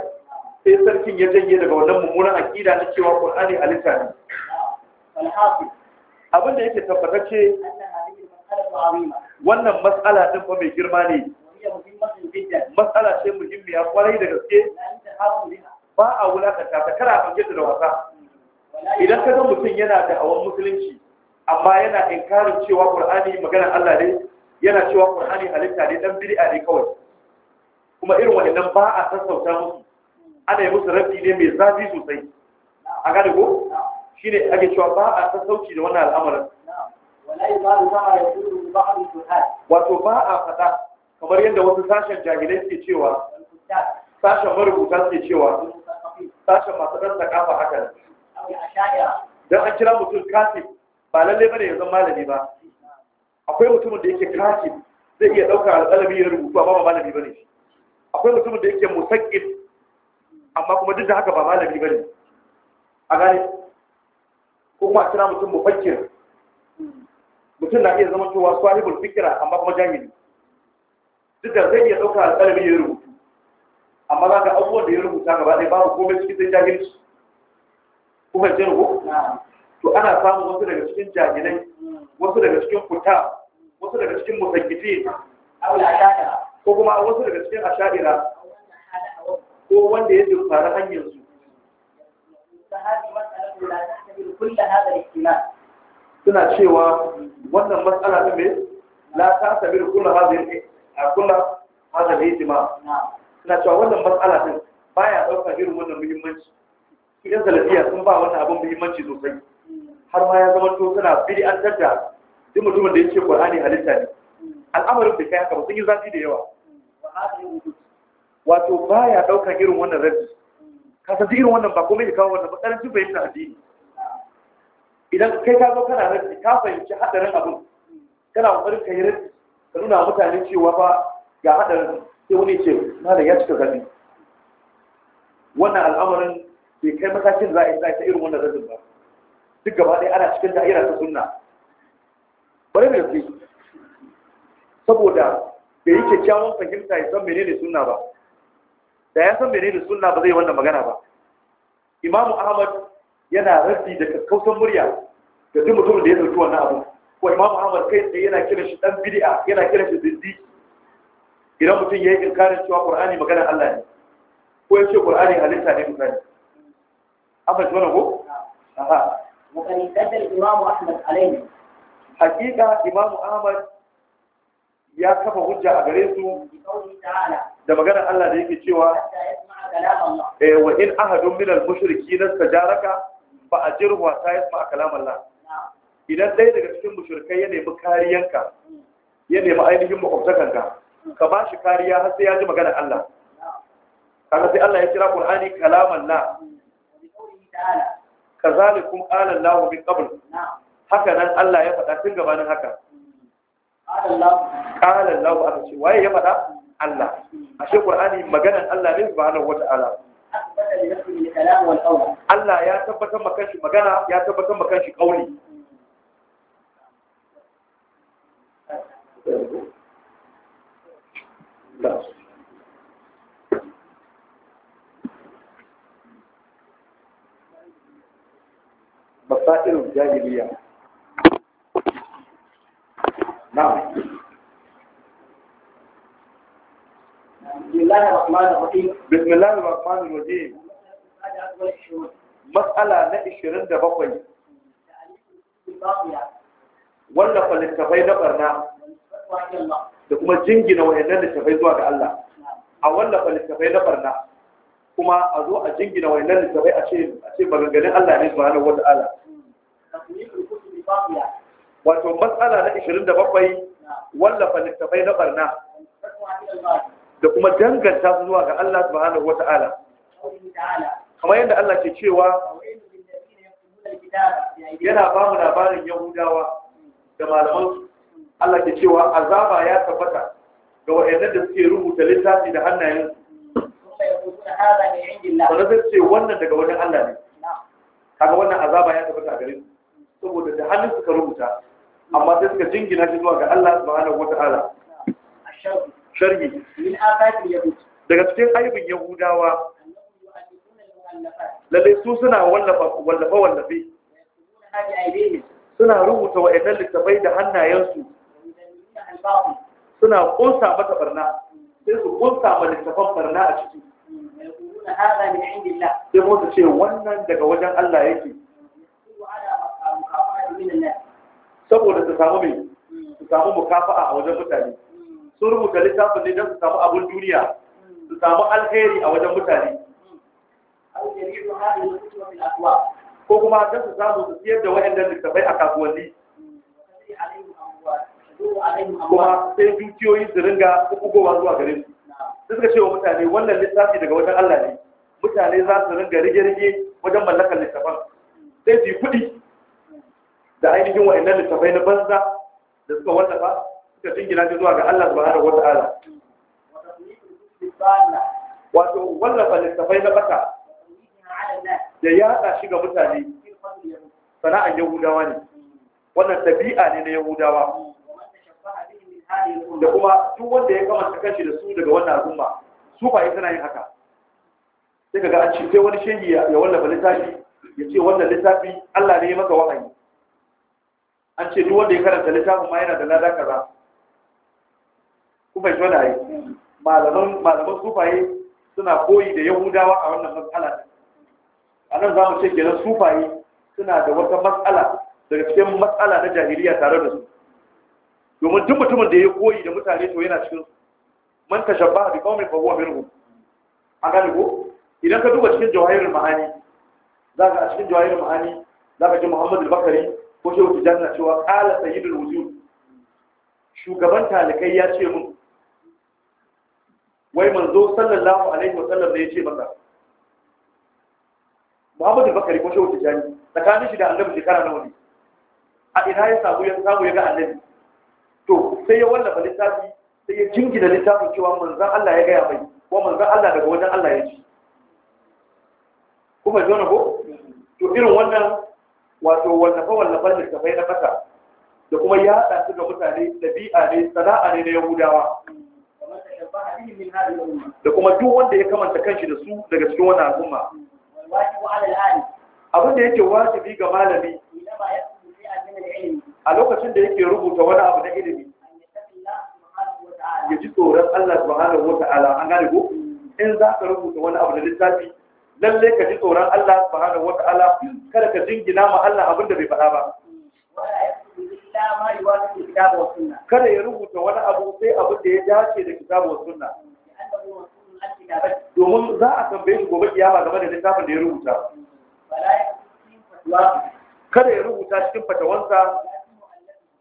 sai sarkin ya janye daga wannan mummunan aƙida na cewa qur'ani halitta ne Abinda yake tabbatacce wannan matsala din fa mai girma ne matsala ce muhimmiya kwarai da gaske ba a wulakanta ta kara ɗauke da wasa idan ka ga mutum yana da awon musulunci amma yana inkarin cewa qur'ani magana Allah ne yana cewa qur'ani halitta ne dan bid'a ne kawai kuma irin wannan ba a sassauta musu ana yi musu rabbi ne mai zafi sosai a gane ko shine ake cewa ba a sassauci da wannan al'amarin wato ba a faɗa kamar yadda wasu sashen jahilai suke cewa sashen marubuta suke cewa sashen masu ɗan sakafa haka don an kira mutum kafin ba lalle bane ya zama malami ba akwai mutumin da yake kafin zai iya ɗaukar alƙalami ya rubutu amma ba malami bane akwai mutumin da yake musaƙin amma kuma duk da haka ba malami bane a gane ko kuma a kira mutum mufakir mutum na iya zama cewa sahibul fikira amma kuma jahili duk da zai iya ɗauka alƙalami ya rubutu amma za ka abubuwan da ya rubuta gaba ɗaya babu komai cikin sai jahilci kuma jin ko to ana samun wasu daga cikin jahilai wasu daga cikin kuta wasu daga cikin musakiti ko kuma wasu daga cikin ashadira ko wanda ya jirfara hanyar su suna cewa wannan matsala ne mai la ta sabir kullu hadhihi a kula hada da hijima na cewa wannan matsala din ya ɗaukar irin wannan muhimmanci idan zalafiya sun ba wannan abin muhimmanci sosai har ma ya zama to suna an da duk mutumin da yake Qur'ani halitta ne al'amarin da kai haka ba sun yi zafi da yawa wato ba ya ɗaukar irin wannan rabi ka san irin wannan ba komai ya kawo wannan ba karancin fahimta addini idan kai ka zo kana rabi ka fahimci hadarin abin kana ka yi rabi ka nuna mutane cewa ba ga haɗarin sai wani ce malam ya cika gani wannan al'amarin bai kai matakin za a yi ta irin wannan rabin ba duk gaba ɗaya ana cikin da'ira ta sunna bari da gaske saboda da yi kyakkyawan fahimta ya san menene sunna ba da ya san menene sunna ba zai wannan magana ba imamu ahmad yana raddi da kakkausan murya da duk mutumin da ya ɗauki wannan abu ko imamu ahmad kai tsaye yana kiran shi dan bid'a yana kiran shi zindiki idan mutum ya yi inkarin cewa qur'ani magana Allah ne ko ya ce qur'ani halitta ne misali an fahimci wannan ko aha wa kan imamu ahmad alaihi hakika imamu ahmad ya kafa hujja a gare su da magana Allah da yake cewa eh, wa in ahadun min al-mushrikeena istajaraka fa ajirhu wa sayasma kalam Allah idan ɗaya daga cikin mushrikai ya nemi kariyanka ya nemi ainihin makwabtakanka ka ba shi kariya har sai ya ji magana Allah kaga sai Allah ya kira Qur'ani kalaman la kazalikum qala Allahu min qabl haka nan Allah ya faɗa tun gabanin haka qala Allahu aka ce waye ya faɗa Allah ashe Qur'ani maganan Allah ne subhanahu ta'ala. Allah ya tabbatar maka shi magana ya tabbatar maka shi kauli لا الجاهلية نعم بسم الله الرحمن الرحيم بسم الله الرحمن الرحيم مسألة لا إشرين ده ولا فلتفاي ده برنا da kuma jingina wayannan littafai zuwa ga Allah a wallafa littafai na barna kuma a zo a jingina wayannan littafai a ce a ce maganganun Allah ne subhanahu wata'ala wato matsala na 27 wallafa littafai na barna da kuma danganta su zuwa ga Allah subhanahu wata'ala kamar yadda Allah ke cewa yana ba mu labarin Yahudawa da malamansu Allah ke cewa azaba ya tabbata ga wa'anda da suke rubuta littafi da hannayensu wanda zai ce wannan daga wajen Allah ne kaga wannan azaba ya tabbata a gare su saboda da hannun suka rubuta amma sai suka jingina shi zuwa ga Allah wata ala. Sharbi. daga cikin aibin yahudawa lalle su suna wallafa wallafe suna rubuta wa'annan littafai da hannayensu suna kunsa mata barna sai su kunsa ma littafan barna a ciki sai mota ce wannan daga wajen Allah yake saboda su samu mai su samu mukafa'a a wajen mutane sun rubuta littafin ne don su samu abun duniya su samu alheri a wajen mutane ko kuma don su samu su siyar da waɗannan littafai a kasuwanni kuma sai dukiyoyi su ringa bugowa zuwa gare su sai suka ce wa mutane wannan littafi daga wajen Allah ne mutane za su ringa rige-rige wajen mallakar littafan sai su yi kuɗi da ainihin wa'annan littafai na banza da suka wallafa suka jingina shi zuwa ga Allah subhanahu wa ta'ala wato wallafa littafai na baka da ya haɗa shi ga mutane sana'ar yahudawa ne wannan tabi'a ne na yahudawa da kuma duk wanda ya kamanta kanshi da su daga wannan al'umma su ba suna yin haka sai kaga an ce sai wani shehi ya wallafa littafi ya ce wannan littafi Allah ne ya maka wahayi an ce duk wanda ya karanta littafin ma yana da lada kaza ku fahimci wani ayi malaman malaman sufaye suna koyi da yahudawa a wannan matsala a nan za mu ce kenan sufaye suna da wata matsala daga cikin matsala na jahiliya tare da su domin duk mutumin da ya koyi da mutane to yana cikin man shabba bi kawai ba huwa minhum a gani ko idan ka duba cikin jawahirul ma'ani ka a cikin jawahirul ma'ani za ka ji Muhammadu bakari ko shehu tijanna cewa qala sayyidul wujud shugaban talikai ya ce mun wai manzo sallallahu alaihi wa sallam ne ya ce maka Muhammadu bakari ko shehu tijanni tsakanin shi da annabi shekara nawa ne a ina ya samu ya samu ya ga annabi sai ya wallafa littafi sai ya jingina littafin cewa manzan Allah ya gaya mai ko manzan Allah daga wajen Allah ya ci kuma jona ko to irin wannan wato wallafa wallafan littafai na fata da kuma ya haɗa su ga mutane ɗabi'a ne sana'a ne na yahudawa da kuma duk wanda ya kamanta kanshi da su daga cikin wannan al'umma abin da yake wajibi ga malami a lokacin da yake rubuta wani abu na ilimi ya ji tsoron Allah subhanahu wa ta'ala an gane ko in za ka rubuta wani abu da littafi lalle ka ji tsoron Allah subhanahu wa ta'ala kada ka jingina ma Allah abin da bai faɗa ba kada ya rubuta wani abu sai abin da ya dace da kitabu wa sunna domin za a tambaye shi gobe kiyama game da littafin da ya rubuta kada ya rubuta cikin fatawansa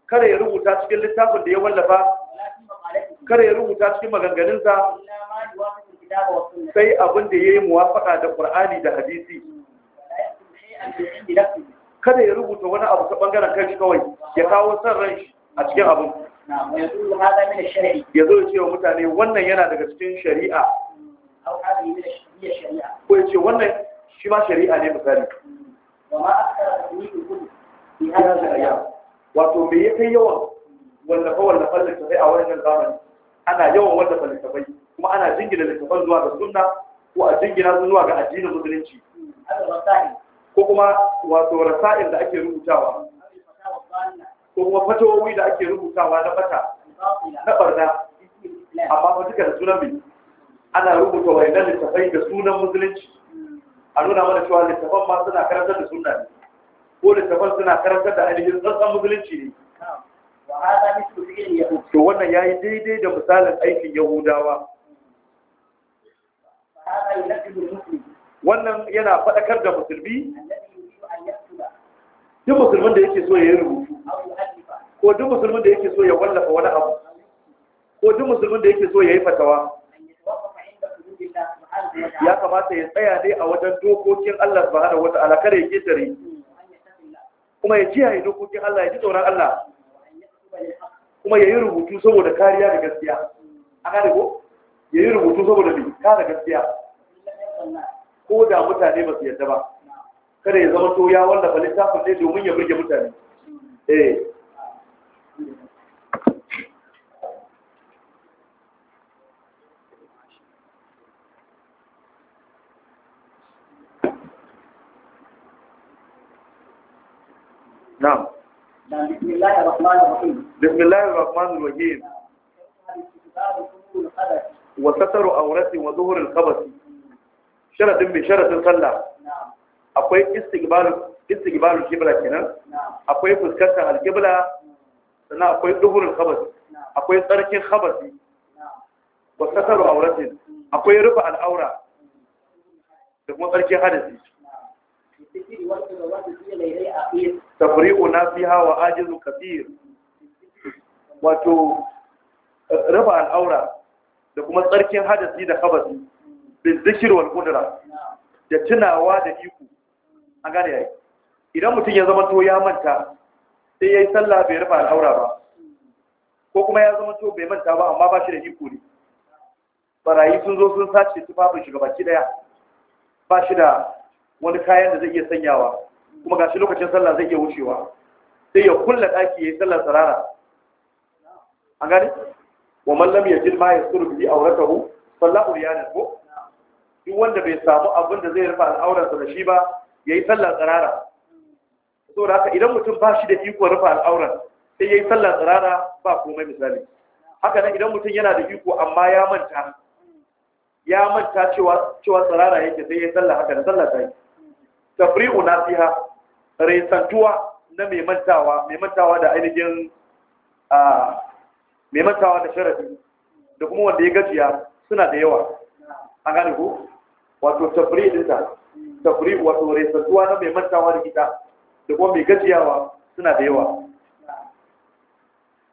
kada ya rubuta cikin littafin da ya wallafa kar ya rubuta cikin maganganunsa sai abin da ya yi muwafaka da ƙur'ani da hadisi kada ya rubuta wani abu ta ɓangaren kai kawai ya kawo son ran shi a cikin abin ya zo ce wa mutane wannan yana daga cikin shari'a ko ya ce wannan shi ma shari'a ne misali wato me ya kai yawan wallafa-wallafa da ta sai a wajen zamani ana yawan wallafa littafai kuma ana jingina littafan zuwa ga sunna ko a jingina zuwa ga addinin musulunci ko kuma wato rasa'il da ake rubutawa ko kuma fatawowi da ake rubutawa na fata na barna amma ba duka da sunan mai ana rubuta wayannan littafai da sunan musulunci a nuna mana cewa littafan ma suna karantar da sunna ne ko littafan suna karantar da ainihin tsantsan musulunci ne to wannan ya yi daidai da misalin aikin yahudawa wannan yana faɗakar da musulmi duk musulmin da yake so ya yi rubutu ko duk musulmin da yake so ya wallafa wani abu ko duk musulmin da yake so ya yi fatawa ya kamata ya tsaya ne a wajen dokokin Allah subhanahu wata'ala kare ya tare. kuma ya kiyaye dokokin Allah ya ji tsoron Allah kuma ya yi rubutu saboda kariya da gaskiya An gane ko ya yi rubutu saboda ka kare gaskiya ko da mutane ba su yadda ba kada ya zama to ya wallafa littafin ne domin ya burge mutane eh Na'am. بسم الله الرحمن الرحيم بسم الله الرحمن الرحيم وستر عورة وظهور الخبث شرط بشرط akwai istiqbalul qibla kenan akwai fuskantar alqibla sannan akwai duhurul khabas akwai tsarkin khabasi wa sataru auratin akwai rufa al'aura da kuma tsarkin hadasi. tafri'u na fi wa ajizu kathir wato raba al'aura da kuma tsarkin hadasi da kabasi bin zikir wal kudura da tunawa da iko an gane yayi idan mutum ya zama to ya manta sai yayi sallah bai rufa al'aura ba ko kuma ya zama to bai manta ba amma ba shi da iko ne barayi sun zo sun sace tufafin shi gabaki daya ba shi da wani kayan da zai iya sanyawa kuma gashi lokacin sallah zai iya wucewa sai ya kulla daki yayin sallar sarara an gani wa man lam yajid ma yasuru bi awratahu sallahu riyanan ko duk wanda bai samu abin da zai rufe al'auransa da shi ba yayin sallar sarara da haka idan mutum ba shi da iko rufe al'auran sai yayin sallar sarara ba komai misali haka nan idan mutum yana da iko amma ya manta ya manta cewa cewa tsirara yake sai ya sallah haka da sallah ta yi tafri'u nasiha resantuwa na mai mantawa mai mantawa da ainihin mai mantawa da sharadi da kuma wanda ya gajiya suna da yawa an gane ku wato tafri'u dinta tafri'u wato resantuwa na mai mantawa da kita da kuma mai gajiyawa suna da yawa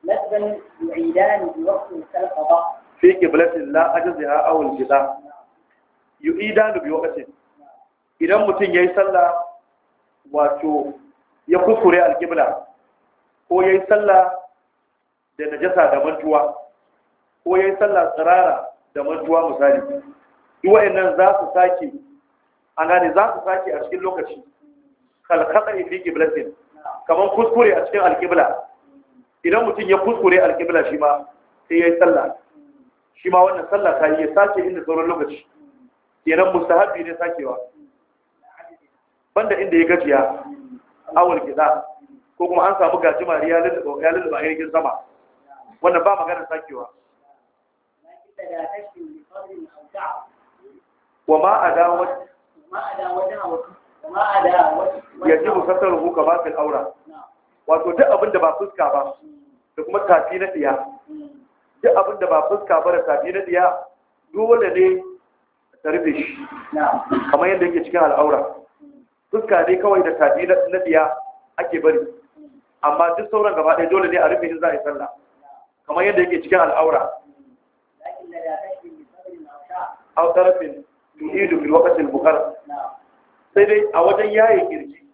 مثلا يعيدان بوقت كالقضاء في قبلة لا أجزها أو الجزاء يعيدان بوقت idan mutum ya yi sallah wato ya kuskure alƙibla ko ya yi sallah da najasa da mantuwa ko ya yi sallah tsirara da mantuwa misali duwayen nan za su sake an gane za su sake a cikin lokaci kalkatsar ifi ƙiblatin kamar kuskure a cikin alƙibla idan mutum ya kuskure alƙibla shi ma sai ya yi sallah shi ma wannan sallah ta yi ya sake inda sauran lokaci musta mustahabi ne sakewa banda inda ya gajiya awul gida ko kuma an samu gajimar ya a yankin sama wannan ba maganar sakewa wa ma a dawar ya ji musassan rubuka ba fil aura wato duk abin da ba fuska ba da kuma tafi na diya duk abin da ba fuska ba da tafi na ɗiya dole ne ta rufe shi kamar yadda yake cikin al'aura fuska ne kawai da tafi na biya ake bari amma duk sauran gaba ɗaya dole ne a rufe shi za a yi sallah kamar yadda yake cikin al'aura aw tarafin tu'idu fil waqti al sai dai a wajen yaye kirji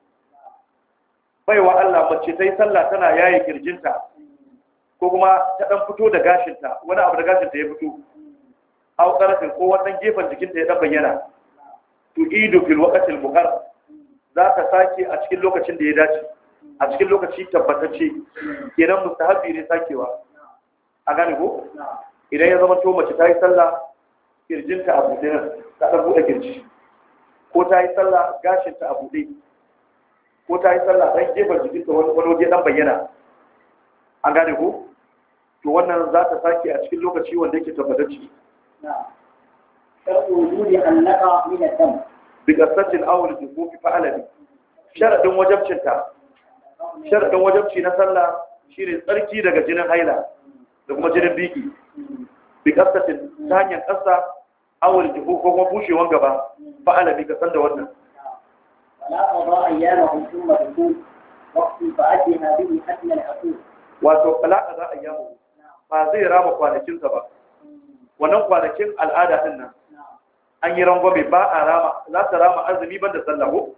baiwa Allah mace sai sallah tana yaye kirjinta ko kuma ta dan fito da gashinta wani abu da gashinta ya fito aw ko wannan gefen jikinta ya dan bayyana tu'idu fil waqti al za ka sake a cikin lokacin da ya dace a cikin lokaci tabbatacce kenan mustahabi ne sakewa a gane ko idan ya zama to mace ta yi sallah kirjinta a buɗe nan ta ɗan buɗe kirji ko ta yi sallah gashinta a buɗe ko ta yi sallah ɗan gefen jikinta wani wani waje ɗan bayyana a gane ko to wannan za ta sake a cikin lokaci wanda yake tabbatacce. Shar'u ne bi qasatil awwal dukufi fa'alabi sharaɗin wajabcinta sharaɗin wajabci na sallah shine tsarki daga jinin haila da kuma jinin biki bi qasatil ta hanyar ƙasa, awwal dukufi ko kuma bushewan gaba fa'alabi ka san da wannan wato alaƙa za a yi yamu ba zai rama kwanakinsa ba wannan kwanakin al'ada ɗin nan an yi rangwame ba a rama za ta rama azumi ban da sallah ko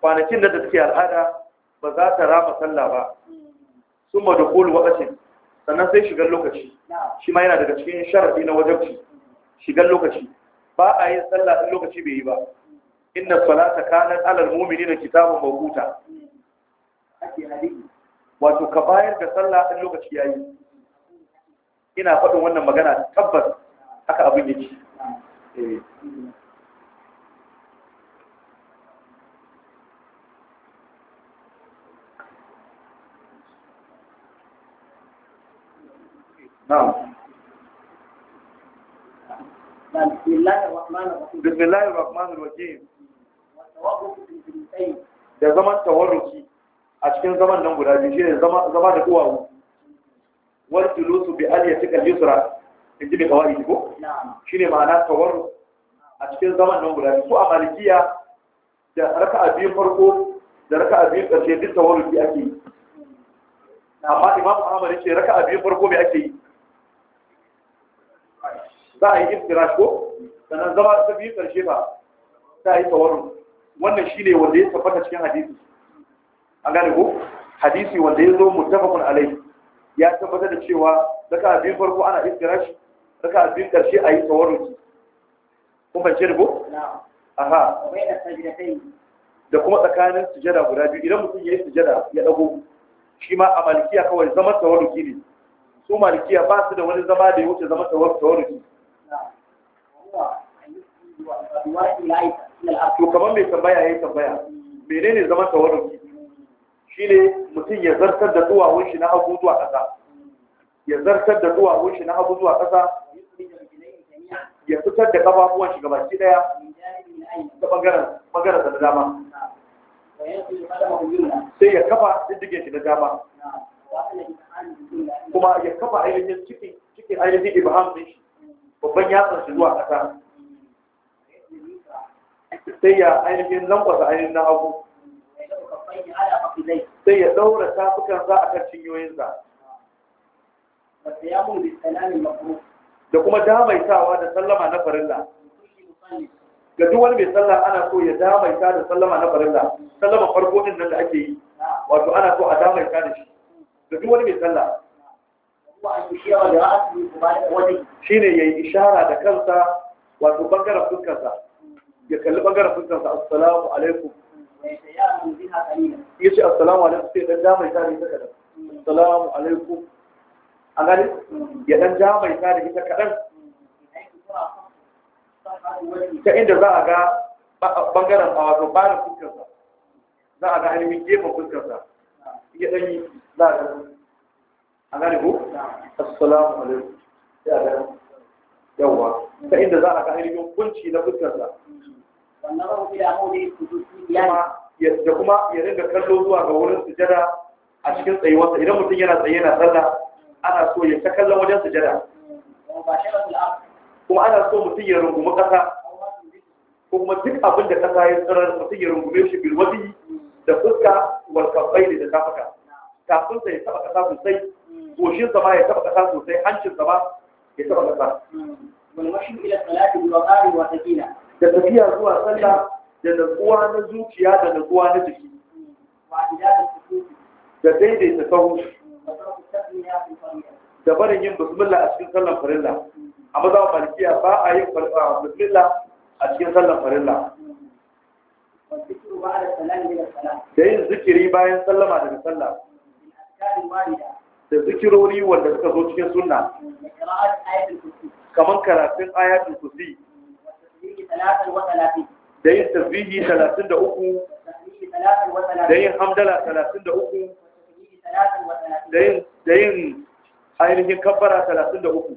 kwanakin da suke al'ada ba za ta rama sallah ba sun ma dukul wakacin sannan sai shigar lokaci shi ma yana daga cikin sharaɗi na wajabci shigar lokaci ba a yin sallah ɗin lokaci bai yi ba inna salata kanat alal mu'minina kitabun mawquta wato ka bayar da sallah ɗin lokaci ya yi. ina faɗin wannan magana tabbas haka abin yake نعم بسم الله الرحمن الرحيم da zaman tawarruki a cikin zaman nan guda biyu shine zama da duwawu wal julusu bi aliyati al yusra ji mai kawai ko shine ma'ana tawarru a cikin zaman nan guda su a malikiya da raka abin farko da raka abin karshe duk tawarru ake yi amma imam Muhammadu ce raka abin farko me ake yi za a yi iftirash ko sannan zama ta biyu karshe ba za a yi tawarru wannan shine wanda ya tabbata cikin hadisi an gane ko hadisi wanda ya zo muttafaqun alai ya tabbata da cewa raka abin farko ana iftirash Saka abin karshe a yi rufi Kuma fahimci rubu? aha da kuma tsakanin sujada guda biyu idan mutum ya yi sujada ya dago shi ma a malikiya kawai zama rufi ne su malikiya ba su da wani zama da ya wuce zama rufi to kamar mai tambaya ya yi tambaya menene zama rufi shi ne mutum ya zartar da duwawun shi na hagu zuwa ƙasa ya zartar da duwawun shi na hagu zuwa ƙasa fitar da kafafuwan shi gabaki daya ta bangaren bangaren da dama sai ya kafa diddige shi da dama kuma ya kafa ainihin cikin cikin ainihin Ibrahim, din shi babban yatsan shi zuwa kasa sai ya ainihin lankwasa ainihin na hagu sai ya daura tafukansa akan cinyoyinsa ya mun bi salamin makruh da kuma damaitawa da sallama na farilla ga duk wani mai sallah ana so ya damaita da sallama na farilla sallama farko din nan da ake yi wato ana so a damaita da shi ga duk wani mai sallah shine yayi ishara da kansa wato bangaren fuskarsa ya kalli bangaren fuskarsa assalamu alaikum yace assalamu alaikum sai dan damaita da kada assalamu alaikum a gani ya dan ja mai ta da ita kaɗan ta inda za a ga bangaren a wato da fuskarsa za a ga ainihin gefen fuskarsa ya dan yi za a ga a gani ko assalamu alaikum ya ga yawa ta inda za a ga ainihin kunci na fuskarsa da kuma ya ringa kallo zuwa ga wurin sujada a cikin tsayuwarsa idan mutum yana tsaye na sallah ana so ya ta kallon wajen sujada kuma ana so mutum ya rungumi ƙasa kuma duk abin da ƙasa ya tsirar mutum ya rungume shi bilwadi da fuska walkafai da tafaka kafin sa ya taba ƙasa sosai goshin sa ma ya taba ƙasa sosai hancin sa ma ya taba ƙasa da tafiya zuwa sallah da natsuwa na zuciya da natsuwa na jiki da daidaita sahu da barin yin bismillah a cikin sallan farilla a maza malikiya ba a yin bismillah a cikin sallan farilla da yin zikiri bayan sallama daga sallah da zikirori wanda suka zo cikin sunna kamar karatun ayatul kursi da yin tasbihi 33 da yin hamdala 33 da yin ainihin kabbara talatin da uku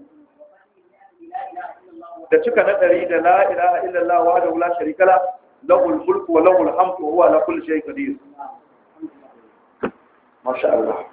da cika na ɗari da la'ira ilaha illallah wa da wula sharikala lahul mulku wa lahul hamdu wa ala kulli masha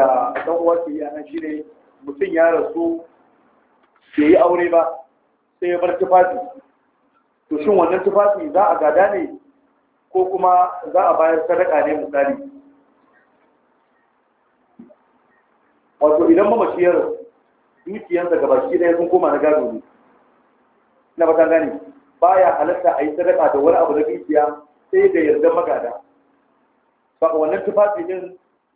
da dan uwa ke yi shi ne mutum ya rasu bai yi aure ba sai ya bar tufafi to shin wannan tufafi za a gada ne ko kuma za a bayar sadaka ne misali wato idan mamaci ya rasu dukiyansa gaba shi ɗaya sun koma na gado ne na ba gane baya halatta a yi sadaka da wani abu na dukiya sai da yarda magada ba wannan tufafi din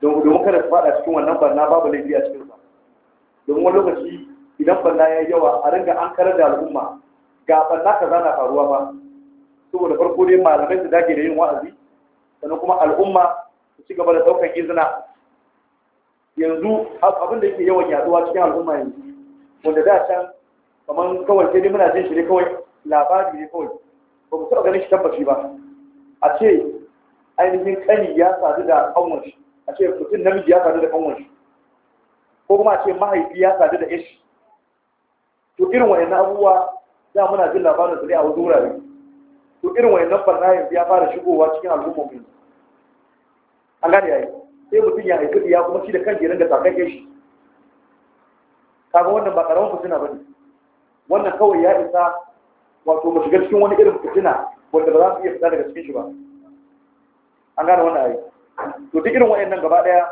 don domin kada su fada cikin wannan barna babu laifi a cikinsa domin wani lokaci idan barna ya yi yawa a ringa an karar da al'umma ga barna kaza na faruwa ba saboda farko dai malamai su dage da yin wa'azi sannan kuma al'umma su ci gaba da ɗaukar izina yanzu abin da yake yawan yaduwa cikin al'umma yanzu wanda da can kamar kawai sai dai muna jin shi ne kawai labari ne kawai ba mu taɓa ganin shi tabbaci ba a ce ainihin kani ya sadu da ƙaunar a ce mutum namiji ya sadu da kanwan shi ko kuma a ce mahaifi ya sadu da yashi to irin wayannan abubuwa za muna jin labarin su ne a wasu wurare to irin wani wayannan barna yanzu ya fara shigowa cikin al'ummar mu an gane yayi sai mutum ya haifi ya kuma shi da kan jirin da sakake shi kaga wannan ba karamin fitina ba ne wannan kawai ya isa wato mu shiga cikin wani irin fitina wanda ba za su iya fita daga cikin shi ba an gane wannan ayi to duk irin wayannan gaba daya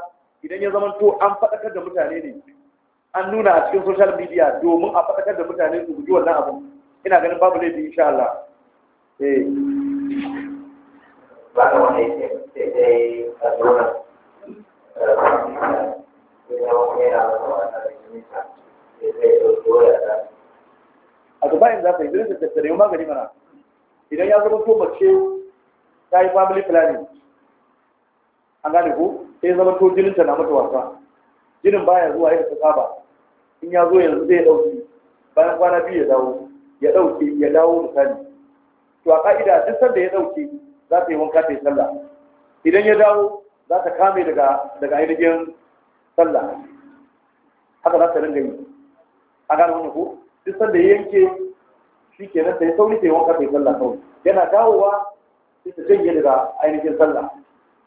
idan ya zama to an faɗakar da mutane ne an nuna a cikin social media domin a faɗakar da mutane su guji wannan abu ina ganin babu laifi insha Allah eh ba da wani sai dai a zuwa eh, a dubayin za ta yi zai da tattare magani mana idan ya zama to mace ta yi family planning an gane ko sai zama to jinin ta na mata wasa jinin baya zuwa yadda ta saba in ya zo yanzu zai dauki bayan kwana biyu ya dawo ya dauke ya dawo misali to a ka'ida duk sanda ya dauke za ta yi wanka ta yi sallah idan ya dawo za ta kame daga daga ainihin sallah haka za ta ringa yi a gane wani ko duk sanda ya yanke shi kenan ta yi sauri ta yi wanka ta yi sallah kawai yana dawowa sai ta janye daga ainihin sallah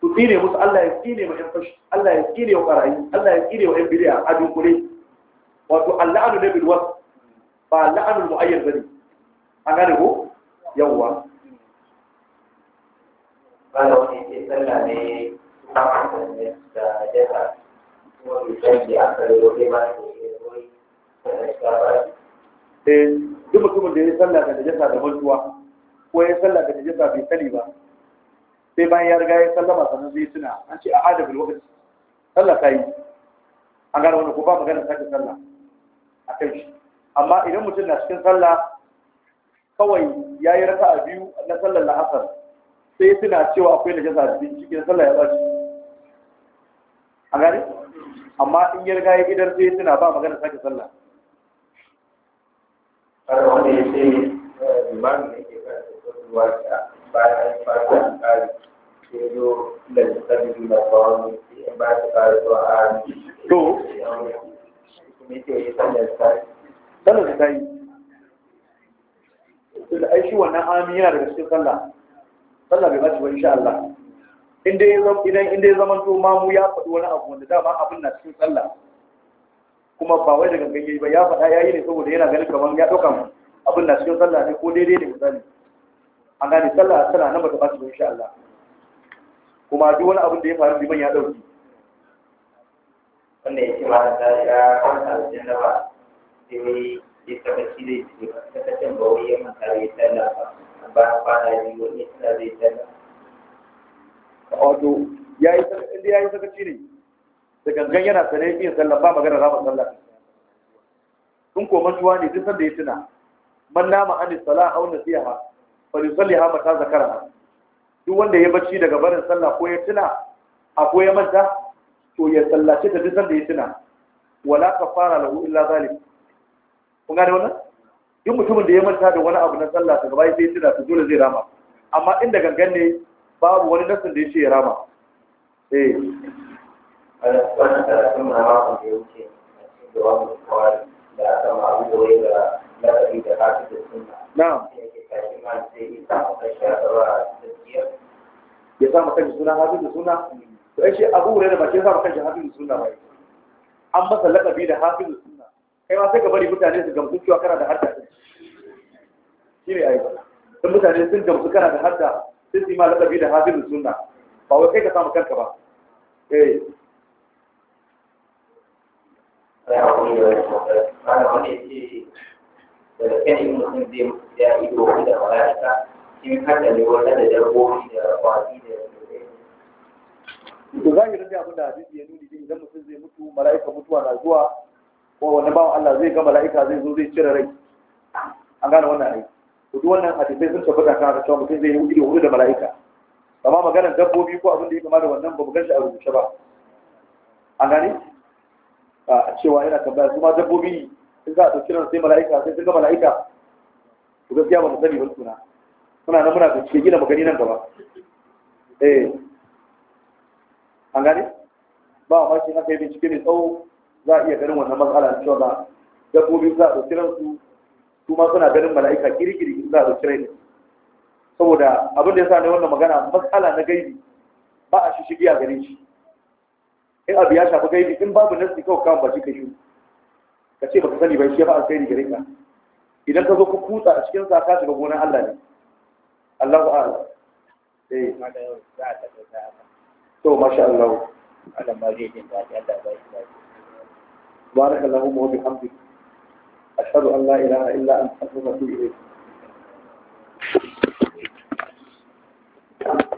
ku tsine musu Allah ya tsine ma ƴan fashi Allah ya tsine wa ƙarayi Allah ya tsine wa ƴan bid'a a dunkule wato alla'anu na bilwas ba la'anul mu'ayyan bane an gane ko yawwa ba da wani ke sallah ne ta mutane da jaka kuma bi canji a kare wani ma ke wani eh duk mutumin da ya sallah da najasa da mantuwa ko ya sallah da najasa bai sani ba sai bayan ya riga ya sallama sannan zai suna an ce a hada bil waqti sallah ta yi an gane wani ko ba magana sake sallah a kai shi amma idan mutum na cikin sallah kawai ya yi raka a biyu na sallar la'asar sai suna cewa akwai na jaza cikin cikin sallah ya zaci an gane amma in ya riga ya gidan sai suna ba magana sake sallah har wanda ya ce limamin da ke kan ruwa ta ba bayan kari to sallar da ta yi da aishi wannan ami yana daga cikin sallah sallah bai bace ba insha Allah inda ya zama idan inda ya mamu ya faɗi wani abu wanda dama abin na cikin sallah kuma ba wai daga ganye ba ya faɗa yayi ne saboda yana ganin kamar ya ɗaukan abin na cikin sallah ne ko daidai ne misali an gane sallah sallah nan ba ta bace ba insha Allah kuma duk wani abin da ya faru liman ya ɗauki wanda ya ce ma da ya kwanta da jin raba sai ya saka shi zai ce saka ta ba wai ya manta da ya tsalla ba ba kwana yi wani ya tsalla zai tsalla. wato ya yi inda ya yi sakaci ne da gangan yana sane iya sallah ba magana rama sallah in ko mantuwa ne duk sanda ya tuna man nama an sala aw nasiha fa yusalliha mata zakara duk wanda ya bacci daga barin sallah ko ya tuna a ko ya manta to ya sallace ta duk da ya tuna wala fara lahu illa zalim kun gane wannan duk mutumin da ya manta da wani abu na sallah daga bayan sai ya tuna to dole zai rama amma inda gangan ne babu wani nasin da ya ce ya rama eh na ya wuce da aka da da da da na'am ya sa maka suna hafi da suna to ai abu ne ba ke sa maka hafi da suna ba an masa lakabi da hafi da suna kai ma sai ka bari mutane su gamsu cewa kana da hadda shi ne ai dan mutane sun gamsu kana da hadda sai su yi ma lakabi da hafi da suna ba wai kai ka samu kanka ba eh daga kan yin mutum zai ya ido wanda mala'ika in haka ne wata da dabbobi da kwaki da to yi da abin da hadisi ya nuni din idan mutum zai mutu mala'ika mutuwa na zuwa ko wani bawan Allah zai ga mala'ika zai zo zai cire rai an gane wannan ai to duk wannan hadisai sun tabbata kan cewa mutum zai yi hudu da mala'ika amma maganar dabbobi ko abin da ya kama da wannan ba mu gan shi a rubuce ba an gane a cewa yana tambaya su ma dabbobi in za a ɗauki ran sai mala'ika sai sun ga mala'ika ku gaskiya ba mu sani ba suna muna nan muna bincike gina magani nan gaba eh an gane ba ma shi aka yi bincike mai tsawo za a iya ganin wannan matsala cewa ba dabbobi za a ɗauki nan su su ma suna ganin mala'ika kirkiri in za a ɗauki rai saboda abin da ya sa ne wannan magana matsala na gaibi ba a shi a gare shi in abu ya shafi gaibi in babu nasi kawai kawai ba shi ka shi ka ce ka sani ba shi ba alkhairi gare ka idan ka zo ku kutsa a cikin saka ka shiga gonar Allah ne Allahu a'ala eh to masha Allah Allah ma zai jin da Allah ba shi ba barakallahu wa bihamdik ashhadu an la ilaha illa anta astaghfiruka wa atubu ilayk Thank you.